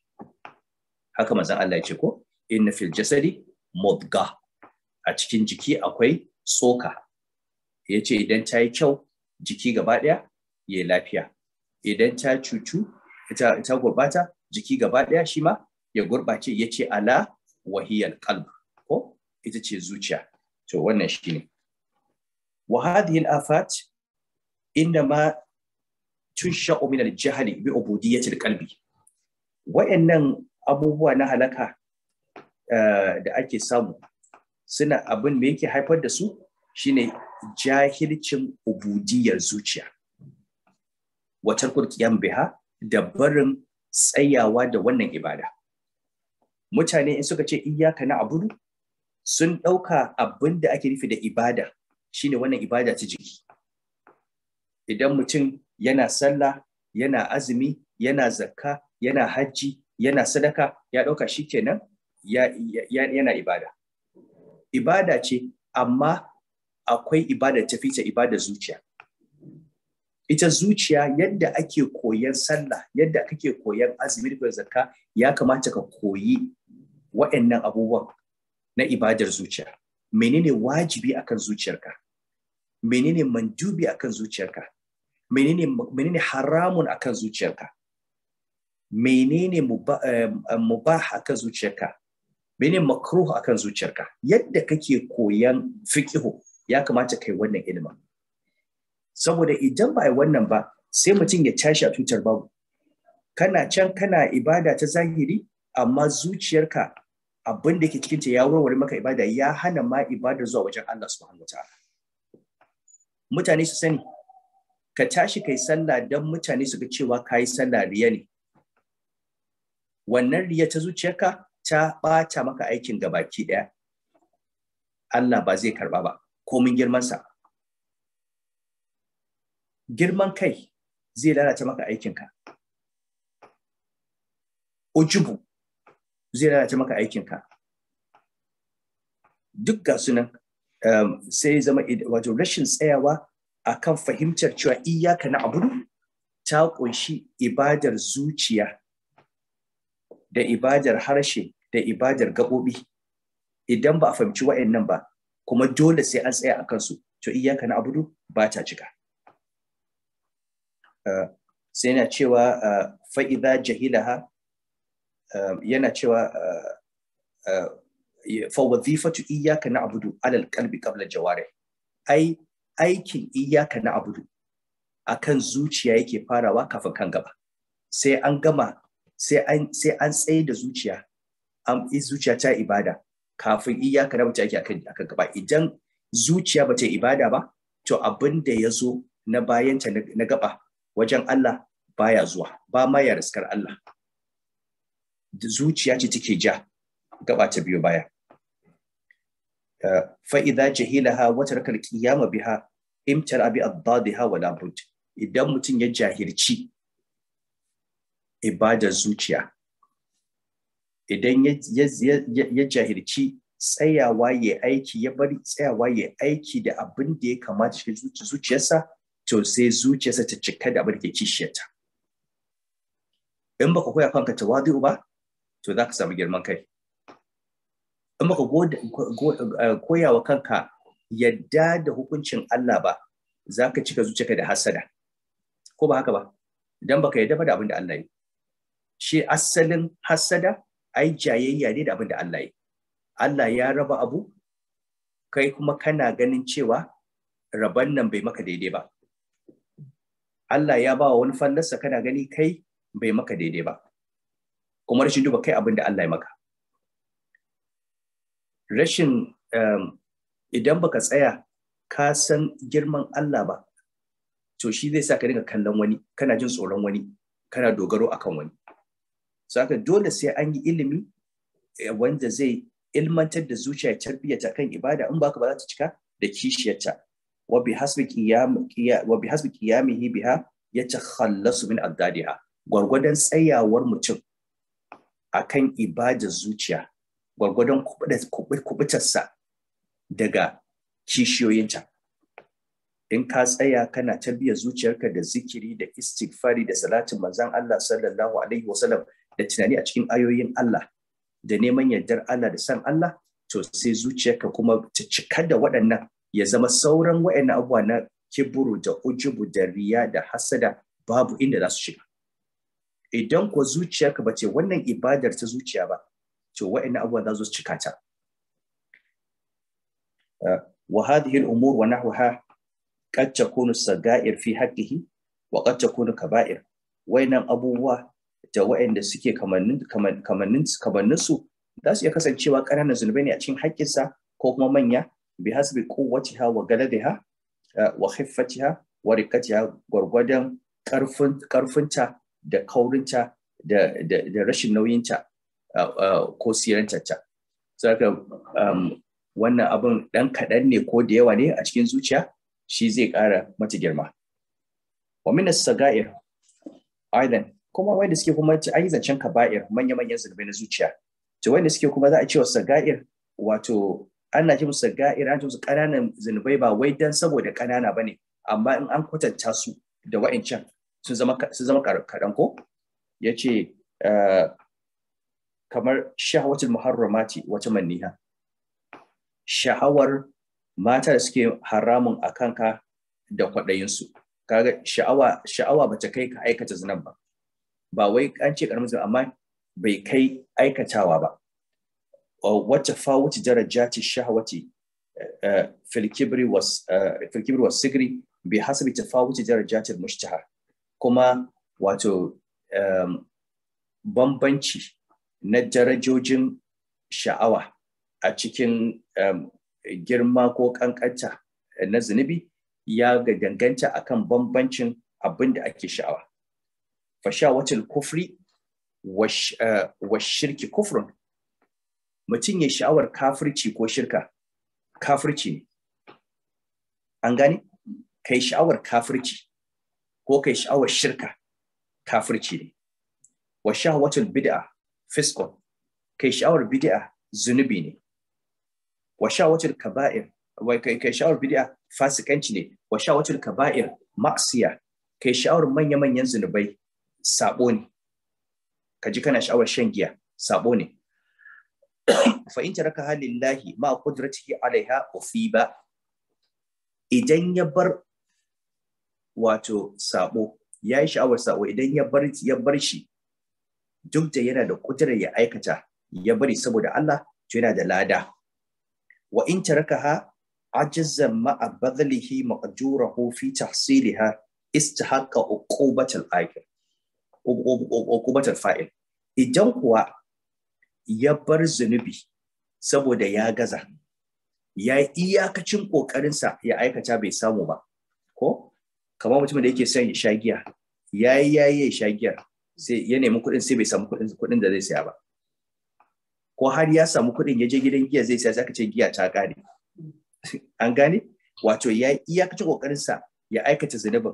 haka manzon Allah ya ce ko inna fil jasadi mudga a cikin jiki akwai tsoka ya ce idan ta yi kyau jiki gaba ɗaya ya lafiya idan ta cucu ta, ta gurbata jiki gaba ɗaya shi ma ya gurbace ya ce ala wahiyar qalb ko ita ce zuciya to wannan shi ne wa hadhihi al-afat ma tunsha'u min al-jahli bi ubudiyyati al-qalbi wa'annan abubuwa na halaka eh, da ake samu suna abin da yake haifar da su shine jahilcin ubudiyar zuciya watar kurkiyan biha da barin tsayawa da wannan ibada mutane in suka ce iyaka na abudu sun ɗauka abin da ake rufe da ibada shine wannan ibada ta jiki idan mutum yana sallah yana azumi yana zakka yana hajji yana sadaka ya ɗauka shi kenan yana ibada ibada ce amma akwai ibada ta ta ibada zuciya ita zuciya yadda ake koyan sallah yadda kake koyan azumi da zakka ya kamata ka koyi waɗannan abubuwan na ibadar zuciya menene wajibi akan zuciyarka menene mandubi akan zuciyarka menene haramun akan zuciyarka menene eh, mubah akan zuciyarka menene makruh akan zuciyarka yadda kake koyan fiqihu ya kamata kai wannan ilimin saboda idan ba wannan ba sai mutum ya tashi a tutar babu kana can kana ibada ta zahiri amma zuciyarka abin da ke cikinta ya warware maka ibada ya hana ma ibada zuwa wajen Allah subhanahu wataala mutane su sani ka tashi kai sallah dan mutane su ga cewa ka sallah riya wannan riya ta zuciyarka ta ɓata maka aikin gabaki ɗaya Allah ba zai karba ba komin girmansa girman kai zai lalata maka aikinka ujubu zai lalata maka aikinka duk ga sunan um, sai zama wato rashin tsayawa akan fahimtar cewa iyaka na abudu ta ƙunshi ibadar zuciya da ibadar harshe da ibadar gaɓoɓi idan ba a fahimci wa'annan ba kuma dole sai an tsaya a kansu to iyaka na abudu ba ta cika eh, sai yana cewa eh, fa'iza jahilaha eh, yana cewa fa wazifatu iyaka na abudu alal kalbi kabla jaware ai aikin iyaka na abudu akan zuciya yake farawa kafin kan gaba sai an gama sai an sai an tsaye da zuciya an eh, zuciya ta ibada kafin iyaka na ake akan akan gaba idan zuciya ba ta ibada ba to abin da ya zo na bayanta na gaba wajen Allah baya zuwa ba ma ya raskar Allah zuciya ce take ja gaba ta biyo baya eh, fa'ida jahilaha wa tarakal qiyama biha imtar abi addadiha wala bud idan mutum ya jahirci ibadar zuciya idan ya jahirci tsayawa ya aiki ya bari tsayawa ya aiki da abin da ya kamata shi zuciyarsa to sai zuciyarsa ta cika da abin da ke kishiyarta in baka koya kanka ta tawadu ba to za ka samu girman kai in baka eh, koya wa kanka yadda da hukuncin Allah ba za ka cika zuciyarka da hasada ko ba haka ba dan baka yadda ba da abin da Allah yi shi asalin hasada ai jayayya ne da abin da Allah yi Allah ya raba abu kai kuma kana ganin cewa raban nan bai maka daidai ba Allah ya ba wa wani fallasa kana gani kai bai maka daidai ba kuma rashin duba kai abin da Allah ya maka rashin um, idan baka tsaya ka san girman Allah ba to shi zai sa ka dinga kallon wani kana jin tsoron wani kana dogaro akan wani saka dole sai an yi ilimi eh, wanda zai ilmantar da zuciya tarbiyyata kan ibada in baka ba za ta cika da kishiyarta wa bi hasbi qiyamihi biha yatakhallasu min addadiha gwargwadon tsayawar mutum akan ibada zuciya gwargwadon kubutarsa daga kishiyoyinta in ka tsaya kana tarbiyyar zuciyarka da zikiri da istighfari da salatin manzon Allah sallallahu alaihi wasallam da tunani a cikin ayoyin Allah da neman yardar Allah da san Allah to sai zuciyarka kuma ta cika da waɗannan ya zama sauran waɗannan abubuwa na kiburu da ujubu da riya da hasada babu inda za su shiga idan ko zuciyarka ba ce wannan ibadar ta zuciya ba to waɗannan abubuwa za su cika ta ah, wa hadhihi al-umur wa nahwaha qad takunu sagair fi haqqihi wa qad takunu kaba'ir waina abubuwa da waɗanda suke kamannin su za su iya kasancewa ƙananan zunubai ne a cikin haƙƙinsa ko kuma manya bi hasbi ha wa ha eh, wa ha wa ha gwargwadon ƙarfinta da kaurinta da rashin nauyinta eh, eh, ko siranta saka um, wannan abin ɗan kaɗan ne ko da yawa ne a cikin zuciya shi zai ƙara mata girma wa min sagair kuma wanda suke kuma a yi zancen kaba'ir manya-manyan zunubai na zuciya to wanda suke kuma za a ce wa saga'ir wato ana ce musu saga'ir an ce musu ƙananan zanubai ba wai dan saboda ƙanana ne, amma in an kwatanta su da wa'ancan sun zama sun zama kaɗan ko yace eh, kamar shahawatul muharramati wata manniha shahawar mata da suke haramun a kanka da kwaɗayinsu kaga sha'awa sha'awa bata kai ka aikata zinan ba ba wai an ce ƙaramin zunubi amma bai kai aikatawa ba wacce fa wuce daraja ce shahawaci eh, eh, filkibri was eh, fil bai hasabi ta fa hasabi daraja ce kuma wato bambanci na darajojin sha'awa a cikin girma ko kankanta na zunubi ya danganta akan bambancin abin da ake sha'awa fashawatul kufri eh, wa shirki kufrun mutum ya sha'awar kafirci ko shirka kafirci ne an gane kai sha'awar kafirci ko kai sha'awar shirka kafirci ne wa shahawatul bid'a fiskon kai sha'awar bid'a zunubi ne wa shahawatul kaba'ir wai kai sha'awar bid'a fasikanci ne wa shahawatul kaba'ir ma'siya kai sha'awar manya manyan zunubai sabo ne ka ji kana sha'awar shan giya sabo ne fa in taraka halillahi ma qudratihi alaiha ba. idan ya bar wato sabo ya yi sha'awar sabo idan ya bar ya bar shi duk da yana da kudurar ya aikata ya bari saboda Allah to yana da lada wa in tarakaha ajizan ma'a badalihi maqjurahu fi tahsiliha istahaqqa uqubatal akhir uqubatul fa'il idan kuwa ya bar zunubi saboda ya gaza ya yi iyakacin ƙoƙarinsa ya aikata bai samu ba ko kamar mutumin da yake son ya sha giya ya yi ya yi ya sha giyar sai ya nemi kuɗin sai bai samu kuɗin da zai saya ba ko har ya samu kuɗin ya je gidan giya zai saya zaka ce giya ta ƙare an gane wato ya yi iyakacin ƙoƙarinsa ya aikata zunubin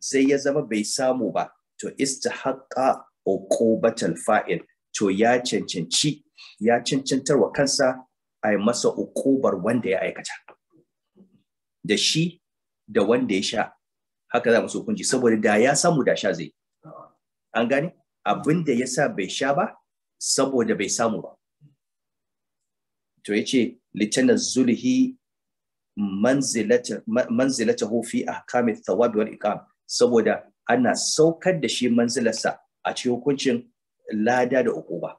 sai ya zama bai samu ba to istihaqqa uqubatal fa'il to ya cancanci ya cancantar wa kansa a masa uqubar wanda ya aikata da shi da wanda ya sha haka za mu so kunji saboda da ya samu da sha zai an gane abin da ya sa bai sha ba saboda bai samu ba to ya ce litanar zulhi manzilatahu fi ahkami tawabi wal iqam saboda ana saukar da shi manzilarsa a cikin hukuncin lada da ukuba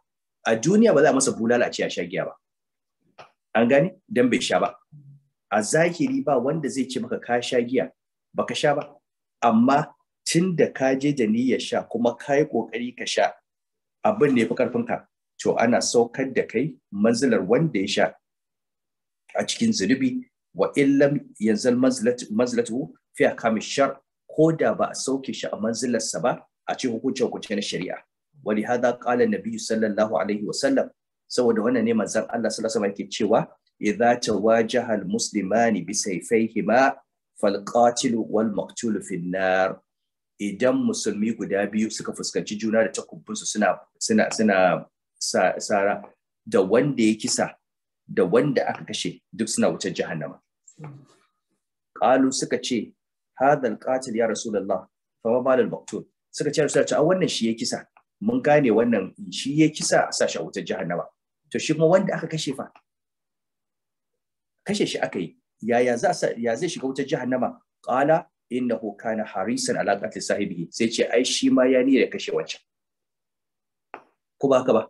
a duniya ba za a masa bulala a ce a sha giya ba an gane dan bai sha ba a zahiri ba wanda zai ce maka ka sha giya baka sha ba amma tun da ka je da ya sha kuma ka yi kokari ka sha abin ne fi ƙarfinka, to ana saukar da kai manzilar wanda ya sha a cikin zunubi wa illam yanzal manzilatu fi akami shar ko da ba a sauke shi a manzilarsa ba a ce hukuncin hukunci na shari'a wali hada qala nabiyyu sallallahu alaihi wasallam saboda wannan ne manzon Allah sallallahu alaihi yake cewa idza tawajaha almuslimani bi sayfayhima falqatilu wal maqtulu fi nar idan musulmi guda biyu suka fuskanci juna da su suna suna suna sara da wanda ya kisa da wanda aka kashe duk suna wutar jahannama qalu suka ce hadha alqatil ya rasulullah fa ma bal maqtul suka ce rasulullah a wannan shi ya kisa mun gane wannan shi ya kisa a sashi a wutar jahannama to shi kuma wanda aka kashe fa kashe shi aka yi yaya za ya zai shiga wutar jahannama qala innahu kana harisan ala qatl sahibihi sai ce ai shi ma ya ni da kashe wancan ko ba haka ba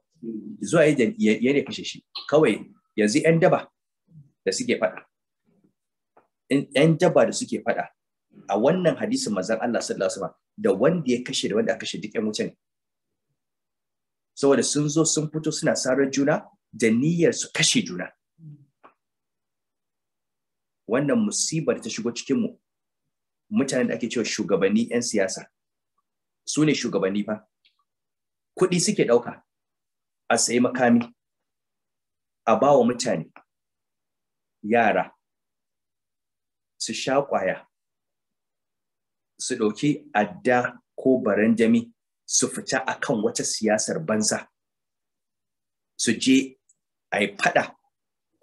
zuwa ya ne kashe shi kawai yanzu yan daba da suke fada yan daba da suke fada a wannan hadisin mazan Allah sallallahu alaihi wasallam da wanda ya kashe da wanda aka kashe duk mutane, saboda sun zo sun fito suna sarar juna da niyyar su kashe juna wannan musibar ta shigo cikin mu mutanen da ake cewa shugabanni 'yan siyasa su ne shugabanni fa kuɗi suke ɗauka a sayi makami a ba wa mutane yara su sha ƙwaya su ɗauki adda ko baranjami su fita a kan wata siyasar banza su je a yi fada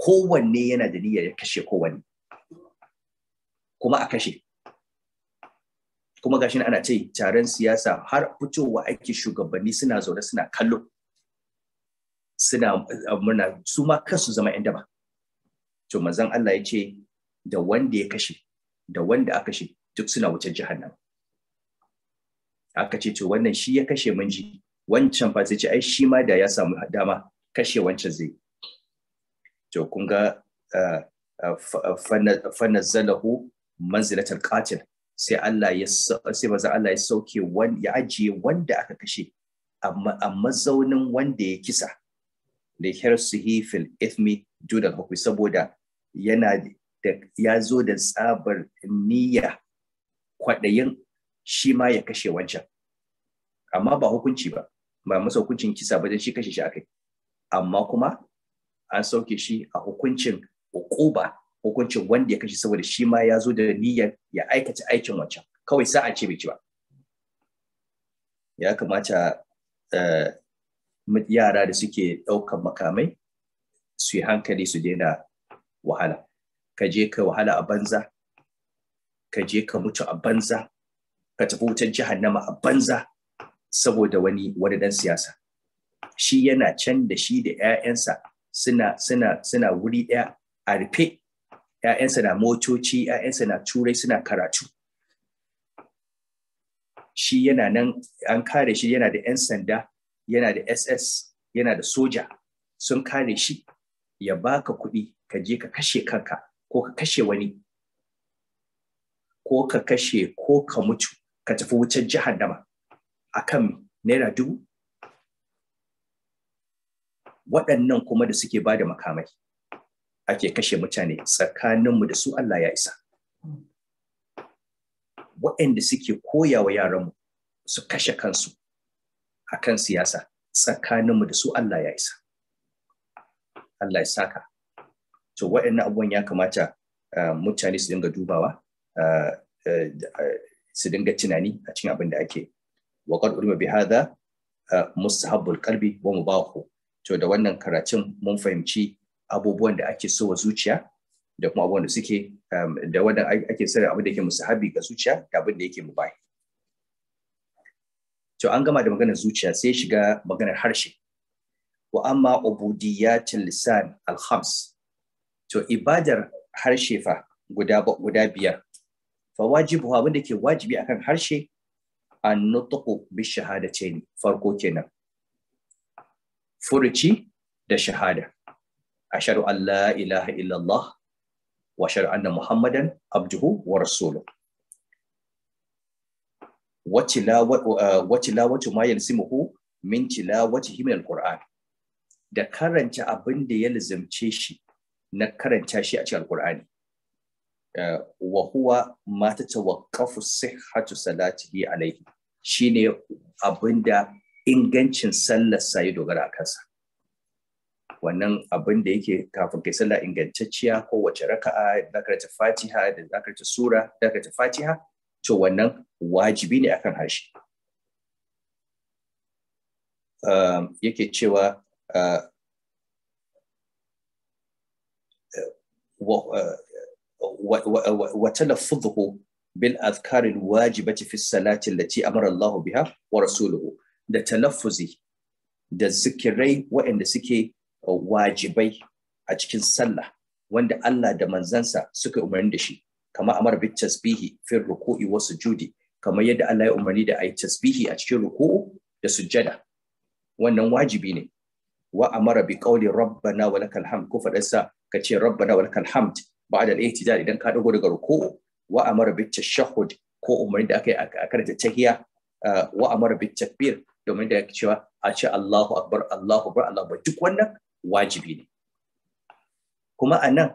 kowanne yana da niyyar ya kashe kowanne kuma a kashe kuma gashi ana ce taron siyasa har fitowa ake shugabanni suna zaune suna kallo suna ah, murna su ma kansu zama yan daba to manzon Allah ya ce da wanda ya kashe da wanda aka kashe duk suna wutar jahannama aka ce to wannan shi ya kashe ji. wancan fa sai ce ai shi ma da ya samu dama kashe wancan zai to kun ga zalahu manzilatul qatil sai Allah ya sai Allah ya sauke ya ajiye wanda aka kashe amma a zaunin wanda ya kisa da hirsuhi fil ithmi dudal hukmi saboda yana ya zo da tsabar niyya kwaɗayin shi ma ya kashe wancan amma ba hukunci ba ba masa hukuncin kisa ba shi kashe shi akai amma kuma an sauke shi a hukuncin hukuba hukuncin wanda ya kashe saboda shi ma ya zo da niyyar ya aikata aikin wancan kawai sa sa'a ce bai ci ba ya kamata eh, yara da suke ɗaukan makamai su yi hankali su daina wahala ka je ka wahala a banza ka je ka mutu a banza ka tafi wutar jahannama a banza saboda wani wani dan siyasa shi yana can da shi da 'ya'yansa suna suna suna wuri ɗaya a rufe 'ya'yansa na motoci 'ya'yansa na turai suna karatu shi yana nan an kare shi yana da 'yan sanda yana da ss yana da soja sun kare shi ya baka kuɗi ka je ka kashe kanka ko ka kashe wani ko ka kashe ko ka mutu ka tafi wucin jihar dama a kan naira dubu waɗannan kuma da suke ba da makamai ake kashe mutane tsakaninmu da su Allah ya isa waɗanda suke koyawa yaranmu su kashe kansu a kan siyasa tsakaninmu da su Allah ya isa Allah ya saka to waɗannan abubuwan ya kamata eh, mutane su dinga dubawa eh, Eh, su dinga tunani a cikin abin da ake wa qad urima bi hada eh, mustahabbul qalbi wa mubahu to da wannan karatun mun fahimci abubuwan da ake so wa zuciya da kuma abubuwan da suke eh, da wannan ake sanin abin da yake musahabi ga zuciya da abin da yake mubahi to an gama da maganar zuciya sai shiga maganar harshe wa amma ubudiyatil lisan al khams to ibadar harshe fa guda guda biyar fa wajibu abin ke wajibi akan harshe an nutqu bi ne farko kenan furuci da shahada ashhadu an la ilaha illallah wa ashhadu anna muhammadan abduhu wa rasuluhu wacilawatu uh, ma yalsimuhu min tilawatihi min alquran da karanta abinda ya lazimce shi na karanta shi a cikin alqur'ani Eh, wa huwa ma sihatu sihhatu salatihi alayhi shine abinda ingancin sallar sa ya dogara kansa wannan abin da yake kafin kai sallah ingantacciya ko wace raka'a da ta fatiha da za ta sura da ta fatiha to wannan wajibi ne akan harshe eh, yake cewa eh, bil وتلفظه بالأذكار الواجبة في الصلاة التي أمر الله wa ورسوله da talaffuzi da zikirai waɗanda suke uh, wajibai a cikin sallah wanda Allah da manzansa suka umarni da shi kama amar bi tasbihi fi ruku'i wa sujudi kamar yadda Allah ya umarni da ayi tasbihi a cikin ruku'u da sujada, wannan wajibi ne wa amara bi qawli rabbana wa lakal ka ce rabbana wa hamd ba'da al-ihtijal idan ka dago daga ruku'u wa amara bi tashahhud ko umarni da aka yi a karanta tahiya wa amara bi takbir domin da yake cewa a ce Allahu akbar Allahu akbar Allahu duk wannan wajibi ne kuma a nan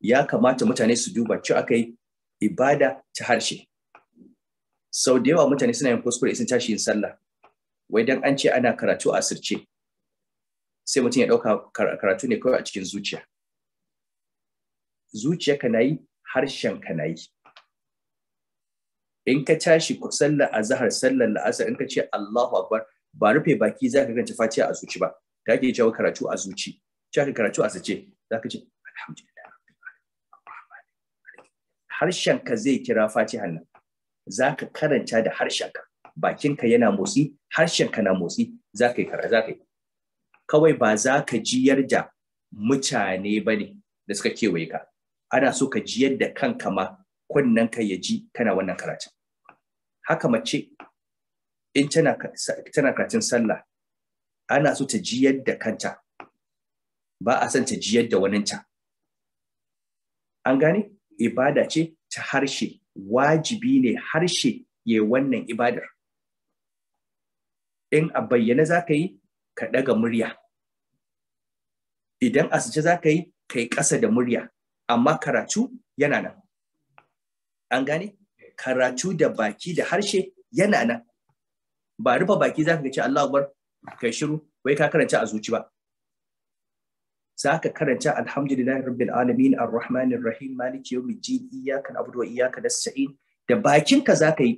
ya kamata mutane su duba ci aka yi ibada ta harshe sau da yawa mutane suna yin kuskure sun tashi yin sallah wai dan an ce ana karatu a sirce sai mutum ya ɗauka karatu ne kawai a cikin zuciya zuciyarka na yi harshenka na yi in ka tashi sallar azhar sallar la'asar in ka ce Allahu akbar ba rufe baki za ka ganci fatiha a zuci ba ka ke jawo karatu a zuci Ka ke karatu a sace za ka ce alhamdulillah harshen ka zai kira fatiha nan za ka karanta da harshen ka bakin ka yana motsi harshen ka na motsi za ka yi karatu za ka yi kawai ba za ka jiyar da mutane ba ne da suka kewaye ka ana so ka ji yadda kanka ma kunnen ka ya ji kana wannan karatun haka mace in tana karatun sallah ana so ta ji yadda kanta ba a son ta ji yadda waninta an gane ibada ce ta harshe wajibi ne harshe ya wannan ibadar in a bayyana za ka yi ka ɗaga murya idan a za ka yi ka yi ƙasa da murya amma karatu yana nan an gane karatu da baki da harshe yana nan ba rufe baki za ka ce Allah akbar kai shiru wai ka karanta a zuci ba za ka karanta alhamdulillahi rabbil alamin arrahmanir rahim maliki yawmiddin iyyaka na'budu wa iyyaka nasta'in da bakinka za ka yi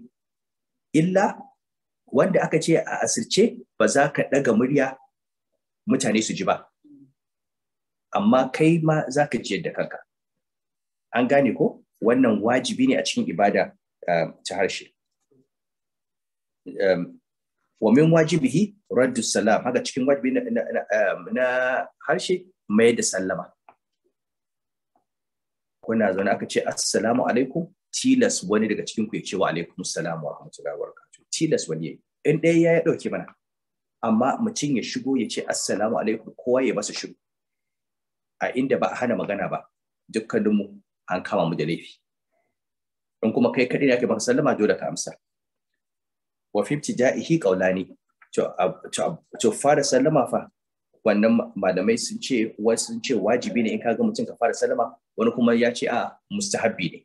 illa wanda aka ce a asirce ba za ka ɗaga murya mutane su ji ba amma kai ma za ka ji yadda kanka an gane ko wannan wajibi ne a cikin ibada eh, ta harshe eh, wamin wajibi wajibihi raddu salam haka cikin wajibi na eh, harshe mai da sallama kuna zaune aka ce assalamu alaikum tilas wani daga cikin ku ya ce wa alaikum salamu wa rahmatullahi wa barakatuh tilas wani yayi in ɗaya ya ya dauke mana amma mutum ya shigo ya ce assalamu alaikum kowa ya masa shigo. a inda ba a hana magana ba dukkaninmu an kama mu da laifi in kuma kai kaɗai ne ake baka sallama dole ka amsa wa fifti ja'ihi qaulani to fara sallama fa wannan malamai sun ce wasu sun ce wajibi ne in ka ga mutum ka fara sallama wani kuma ya ce a mustahabbi ne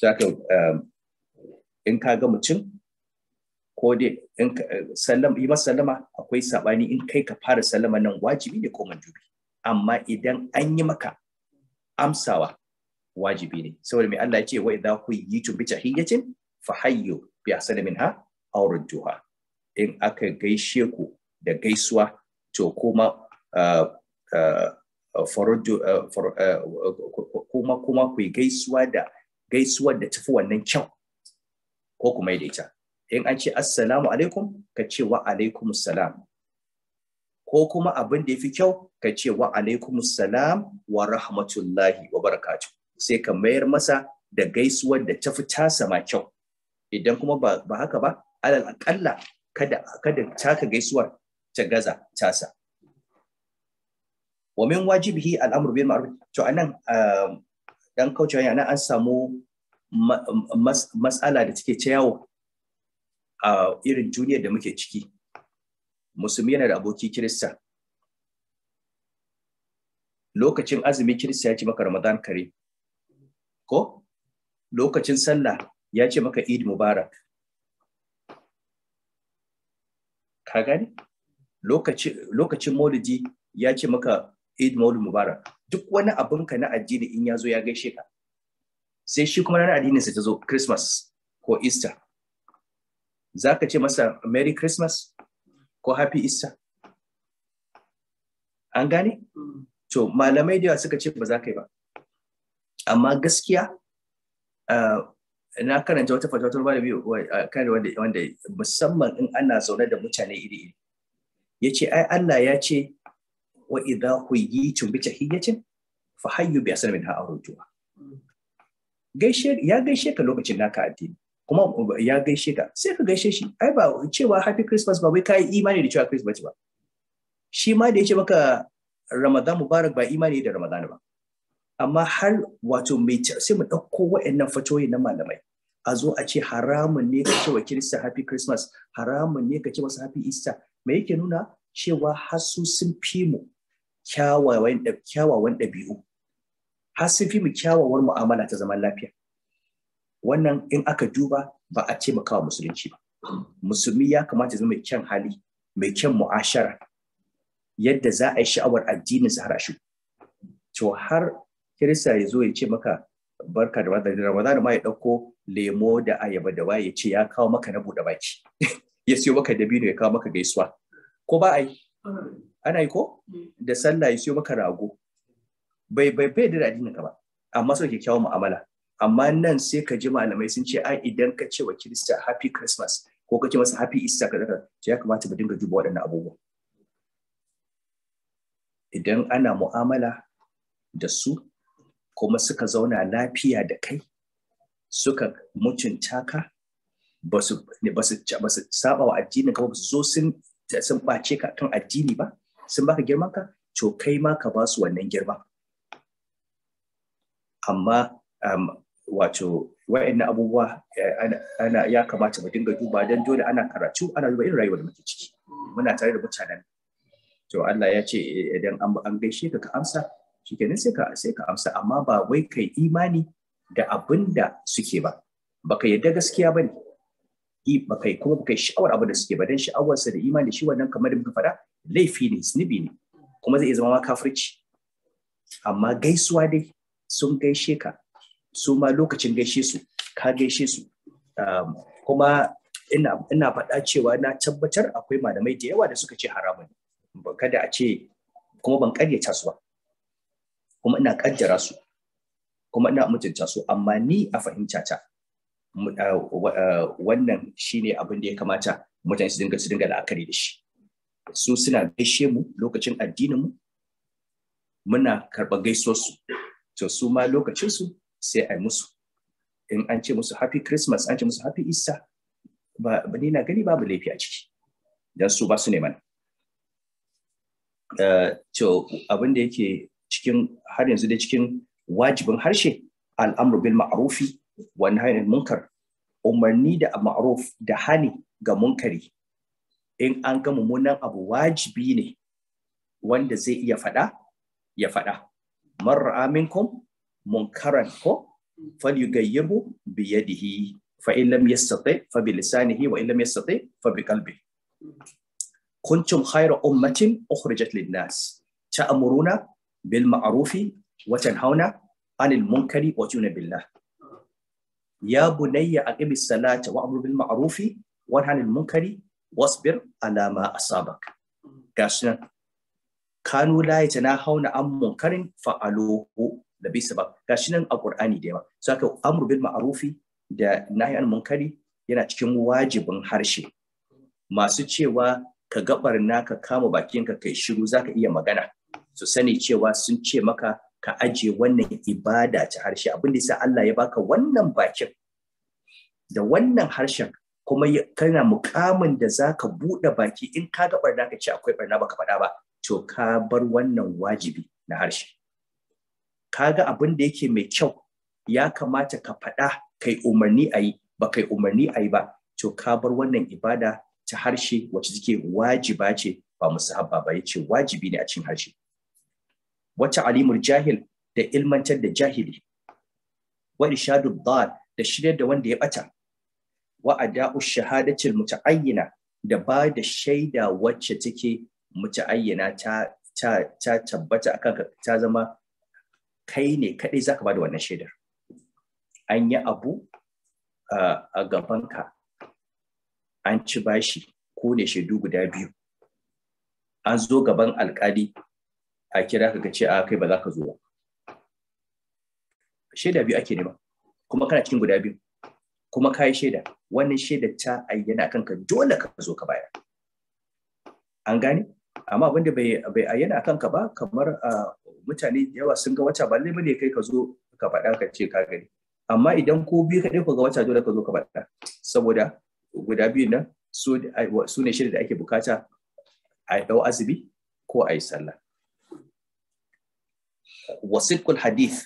saka um, in ka ga mutum ko dai in eh, sallama yi masa sallama akwai sabani in kai ka fara sallama nan wajibi ne ko manjubi amma idan an yi maka amsawa wajibi ne saboda mai Allah ya ce wa idza huyitum bi tahiyatin fa hayyu bi minha aw rudduha in aka gaishe ku da gaisuwa to kuma ah, ah, ah, kuma kuma ku gaisuwa da gaisuwar da tafi wannan kyau ko kuma da ita in an ce assalamu alaikum ka ce wa alaikum salam ko kuma abin da ya fi kyau ka ce wa alaikum salam wa rahmatullahi wa barakatuh sai ka mayar masa da gaisuwar da ta fi tasa ma kyau idan kuma ba haka ba alal akalla kada kada taka gaisuwar ta gaza tasa wa min wajibihi al'amru bil ma'ruf to anan um, dan kauce yana an samu matsala da take ta yawo a irin duniyar da muke ciki musulmi yana da aboki kirista lokacin azumi kirista ya ce maka ramadan kare ko lokacin sallah ya ce maka Eid Mubarak ka gane lokacin maulidi ya ce maka Eid Maulid Mubarak duk wani abinka na addini in ya zo ya gaishe ka sai shi kuma ranar addininsa ta zo Christmas ko Easter za ka ce masa Merry Christmas ko Happy Easter an gane? Hmm. to malamai da suka ce ba za ka yi ba amma gaskiya eh, na karanta wata da biyu eh, kan wanda wanda musamman in ana zaune da mutane iri iri yace ai Allah ya ce wa idza huyitum bi tahiyatin fa hayyu bi asal minha awrujuha gaishe ya gaishe ka lokacin naka addini kuma ya gaishe ka sai ka gaishe shi ai ba cewa happy christmas ba wai kai imani da cewa christmas ba shi ma da yace maka ramadan mubarak ba imani da ramadan ba amma har wato mai sai mu ɗauko waɗannan fatoyi na malamai a zo a ce haramun ne ka ce wa kirista happy christmas haramun ne ka ce wasu happy easter me yake nuna cewa hasu sun fi mu kyawawan ɗabi'u har sun fi mu kyawawan mu'amala ta zaman lafiya wannan in aka duba ba a ce makawa musulunci ba musulmi ya kamata zama mai kyan hali mai kyan mu'ashara yadda za a yi sha'awar addinin su har to har kirista ya zo ya ce maka barka da Za ramadan ma ya ɗauko lemo da ayaba da waye ya ce ya kawo maka na buɗe baki ya siyo maka dabino ya kawo maka gaisuwa ko ba yi? ana yi ko da sallah ya siyo maka rago bai bai bai da ka ba amma so kyakkyawan mu'amala amma nan sai ka ji malamai sun ce ai idan ka ce wa kirista happy christmas ko ka ce masa happy easter ka ce ya kamata mu dinga duba waɗannan abubuwa idan ana mu'amala da su kuma suka zauna lafiya da kai suka mutunta ka ba su saba wa addini ka ba su zo sun ɓace ka kan addini ba sun baka girman ka to kai ma ka ba su wannan girma amma um, wato na abubuwa eh, ana ya kamata mu dinga duba don dole ana karatu ana duba irin rayuwar da muke ciki muna tare da mutanen to Allah ya ce eh, idan an gaishe ka ka amsa shikenan sai ka sai ka amsa amma ba wai kai imani da abin da suke ba baka yadda gaskiya bane baka kuma baka sha'awar abin da suke ba dan sha'awarsa da imani shi wannan kamar da muka faɗa laifi ne zunubi ne kuma zai zama ma kafirci amma gaisuwa dai sun gaishe ka su ma lokacin gaishe su ka gaishe su kuma ina faɗa cewa na tabbatar akwai malamai da yawa da suka ce haramun kada a ce kuma ban ƙaryata su ba kuma ina kaddara su kuma ina mutunta su amma ni a fahimta ta wannan shine abin da ya kamata mutane su dinga su dinga la'akari da shi su suna gaishe mu lokacin addinin mu muna karɓar gaisuwar su to su ma lokacin su sai ai musu in an ce musu happy christmas an ce musu happy easter ba ni na gani babu laifi a ciki dan su ba su neman eh, to abin da yake cikin har yanzu dai cikin wajibin harshe al'amru bil ma'rufi wa nahyi munkar umarni da ma'ruf da hani ga munkari in an ga mummunan abu wajibi ne wanda zai iya faɗa ya faɗa mar'a minkum munkaran ko falyughayyirhu bi yadihi fa in lam yastati fa bi lisanihi wa in lam yastati fa bi qalbi kuntum khayra ummatin ukhrijat lin nas ta'muruna bil ma'rufi wa tanhauna 'anil munkari wa tuna billah ya bunayya aqimis salata wa amru bil ma'rufi wa tanhail munkari wasbir ala ma asabak gashin kanu la hauna an munkarin fa fa'aluhu da bi ba gashin nan a qur'ani da yawa saka amru bil ma'rufi da nahi an munkari yana cikin wajibin harshe masu cewa ka gabar na ka kama bakinka kai shiru zaka iya magana su sani cewa sun ce maka ka ajiye wannan ibada ta harshe abin da yasa Allah ya baka wannan bakin da wannan harshen kuma kana mukamin da zaka buɗe baki in ka ga barna ka ce akwai barna baka faɗa ba to ka bar wannan wajibi na harshe Ka ga abin da yake mai kyau ya kamata ka faɗa kai umarni a yi ba kai umarni a yi ba to ka bar wannan ibada ta harshe wacce take wajiba ce ba musahabba ba yace wajibi ne a cikin harshe wacce alimul jahil da ilmantar da jahili wa irshadu dal da shiryar da wanda ya bata wa ada'u shahadati muta'ayyina da ba da shaida wacce take muta'ayyina ta ta ta tabbata akan ta zama kai ne kadai zaka ba da wannan shaidar an yi abu a gabanka an ci bashi ko ne shaidu guda biyu an zo gaban alkali a kira ka ce a kai ba za ka zo ba shaida biyu ake nema kuma kana cikin guda biyu kuma ka yi shaida wannan shaida ta ayyana akan ka dole ka zo ka bayar an gane amma abinda bai ayyana akan ka ba kamar mutane yawa sun ga wata balle bane kai ka zo ka faɗa ka ce ka gani amma idan ko biyu kaɗai ku ga wata dole ka zo ka faɗa saboda guda biyu nan su ne shaida da ake bukata a dau azumi ko a yi sallah wasiƙul hadith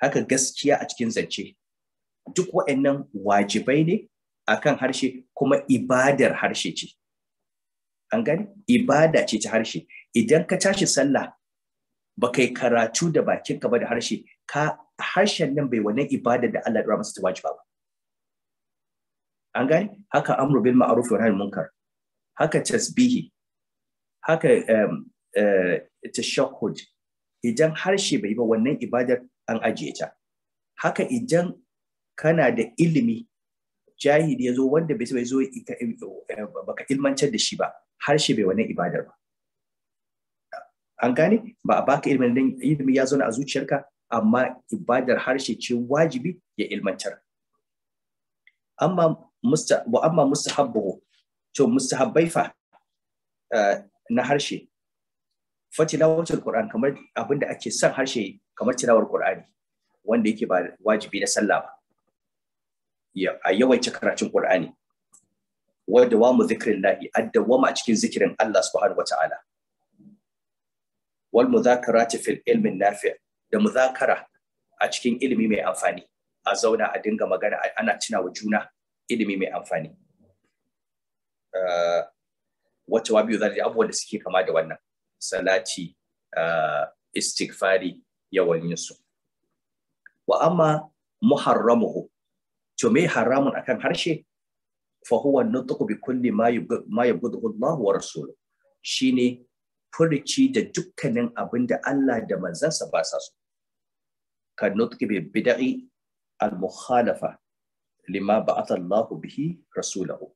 haka gaskiya a cikin zance duk wa'annan wajibai ne akan harshe kuma ibadar harshe ce an gani ibada ce ta harshe idan ka tashi sallah ba kai karatu da bakinka ba da harshe ka harshen nan bai wani ibada da Allah ya masa wajiba ba an gani haka amru bil ma'ruf wa nahy munkar haka tasbihi haka um, uh, tashahhud idan harshe bai ba wannan ibadar an ajiye ta haka idan kana da ilimi jahili ya zo wanda bai zo baka eh, ilmantar da shi ba harshe bai wannan ibadar ba an gane ba a baka ilimin nan ilimi ya zauna a zuciyarka amma ibadar harshe ce wajibi ya ilmantar amma musta wa amma mustahabbu to mustahabbai fa eh, na harshe fatilawatul Qur'an kamar abin da ake son harshe kamar tilawar Qur'ani wanda yake ba wajibi na sallah ba a yawanci karatun Qur'ani wadda wa mu zikirin lahi addawama a cikin zikirin Allah subhanahu wata'ala wal muzakarati fil ilmin nafi da muzakara a cikin ilimi mai amfani a zauna a dinga magana ana tuna wa juna ilimi mai amfani wacce ah, wa biyu zai abubuwan da suke kama da wannan salati ah, istighfari yawan yin su wa amma muharramuhu to me haramun akan harshe fahuwa huwa nutqu bi kulli ma yubghiduhu Allah wa shi shine furuci da dukkanin abin da Allah da manzansa ba sa so ka nutqi bi bid'i al mukhalafa lima ba'atha Allah bihi rasulahu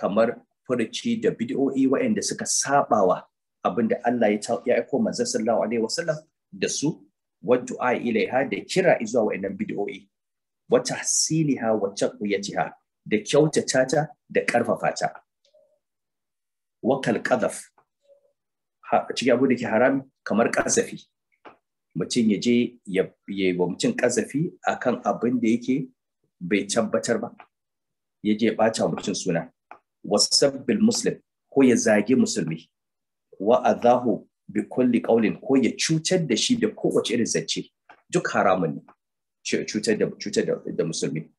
kamar furuci da bid'o'i waɗanda suka sabawa Abin da Allah ya aiko manzon sallallahu alaihi wasallam da su wa du'a ilaiha da kira zuwa wa'annan bid'o'i wa tahsiliha wa taqwiyatiha da kyautata ta da karfafa ta wa kal qadhaf cikin abu da ke haram kamar ƙazafi. mutum ya je ya yi wa mutum akan abin da yake bai tabbatar ba ya je ya bata mutum suna wasabbil muslim ko ya zagi musulmi wa adahu bi kulli qawlin ko ya cutar da shi da kowace irin zance duk haramun ne cutar da cutar da musulmi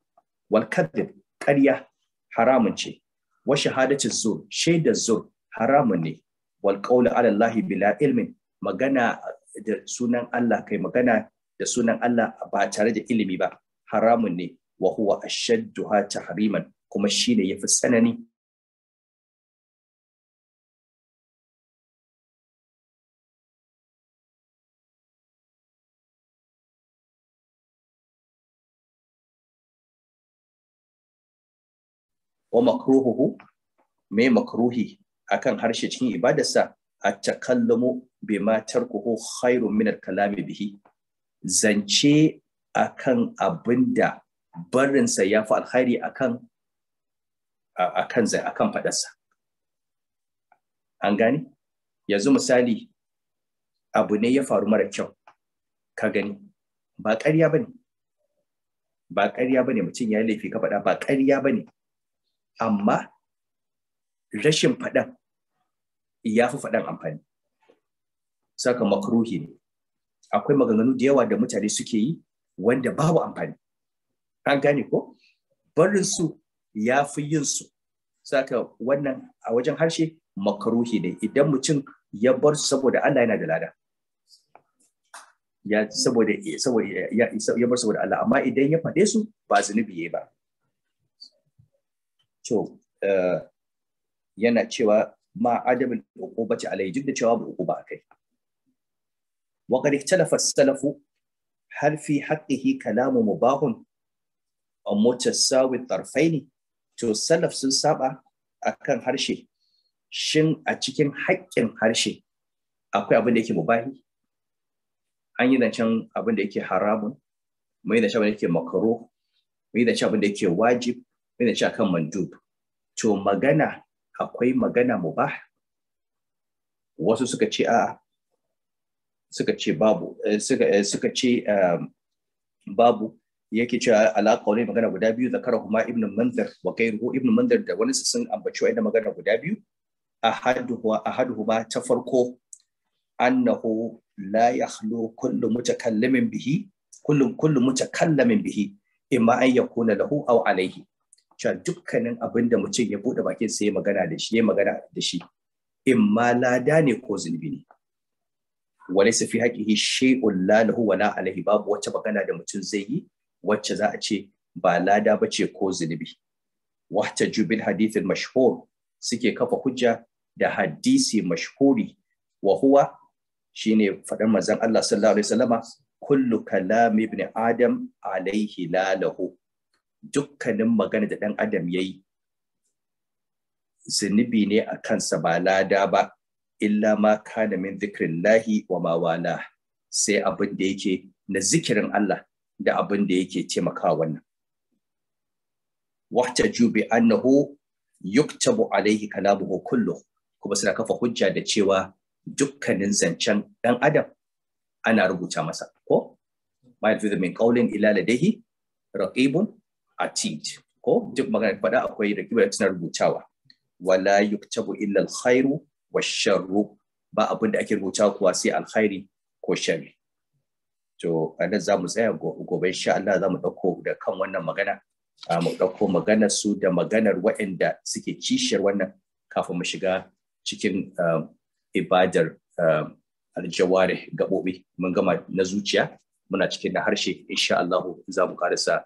wal kadhib ƙarya haramun ce wa shahadatu zur shaidar zur haramun ne wal qawlu ala allahi bila ilmin magana da sunan Allah kai magana da sunan Allah ba tare da ilimi ba haramun ne wa huwa ashadduha tahriman kuma shine yafi tsanani wa makruhuhu me makruhi akan harshe cikin ibadarsa a takallamu ma tarkuhu khairun minar kalami bihi zance akan abinda barinsa ya fi alkhairi akan akan zai akan fadarsa an gane yanzu misali abu ne ya faru mara kyau ka gani ba ƙarya ne ba ƙarya ne mutum ya laifi ka faɗa ba ƙarya bane amma rashin faɗan ya fi faɗan amfani saka makruhi ne akwai maganganu da yawa da mutane suke yi wanda babu amfani an gane ko barin su ya fi yin su saka wannan a wajen harshe makruhi ne idan mutum ya bar su saboda Allah yana da lada ya saboda bar saboda Allah amma idan ya faɗe su ba zunubi ba to eh, yana cewa ma adamin uqubati alai duk da cewa ba uquba kai wa qad ikhtalafa as-salafu hal fi haqqihi kalamu mubahun am mutasawi tarfaini to salaf sun saba akan harshe shin a cikin haƙƙin harshe akwai abin da yake mubahi an yi zancen abin da yake haramun mai da abin da yake makaro mai da abin da yake wajib yana ci akan mandub to magana akwai magana mubah wasu suka ce a suka ce babu eh, eh, suka ce ehm, babu yake cewa alaƙa magana guda biyu zakara kuma ibn manzar wa ruhu ibn manzar da wani sun ambaci wa'in magana guda biyu ahaduhuma ta farko annahu la yakhlu kullu mutakallimin bihi kullu kullu mutakallamin bihi imma an yakuna lahu aw alayhi cewa dukkanin abin da mutum ya buɗe bakin sa ya magana da shi ya magana da shi in ma lada ne ko zunubi ne wale fi haƙihi shay'un la lahu wala alaihi babu wacce magana da mutum zai yi wacce za a ce ba lada ba ce ko zunubi wata jubil hadithin mashhur suke kafa hujja da hadisi mashhuri wa huwa shine faɗar manzon Allah sallallahu alaihi wasallama kullu kalam ibn adam alaihi lalahu dukkanin magana da ɗan adam ya yi zunubi ne a kansa ba lada ba illa ma kana min zikirin lahi wa mawala sai abin da yake na zikirin Allah da abin da yake taimakawa wannan. Wata jubi annahu yuktabu alaihi kalamuhu kullu kuma suna kafa hujja da cewa dukkanin zancen ɗan adam ana rubuta masa ko? Ma yalfizu min qawlin ila ladaihi raqibun atid ko duk magana faɗa akwai da kibar tunar rubutawa wala yuktabu illa alkhairu washarru ba abin da ake rubuta kuwa sai alkhairi ko sharri to a nan tsaya gobe insha Allah za mu da kan wannan magana ah, mu ɗauko magana su da maganar waɗanda suke kishiyar wannan kafin mu shiga cikin ah, ibadar ah, aljawari gaɓoɓi mun gama na zuciya muna cikin na harshe insha Allah za mu karasa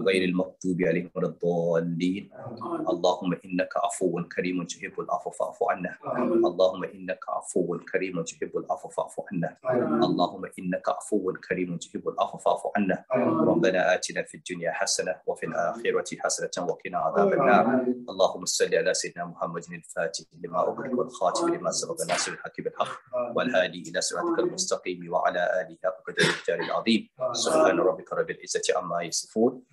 غير المكتوب عليهم ولا الضالين اللهم انك عفو كريم تحب العفو فاعف عنا اللهم انك عفو كريم تحب العفو فاعف عنا اللهم انك عفو كريم تحب العفو فاعف عنا ربنا اتنا في الدنيا حسنه وفي الاخره حسنه وقنا عذاب النار اللهم صل على سيدنا محمد الفاتح لما اغلق والخاتم لما سبق الحكيم الحق بالحق والهادي الى صراطك المستقيم وعلى اله حق قدر العظيم سبحان ربك رب العزه عما يصفون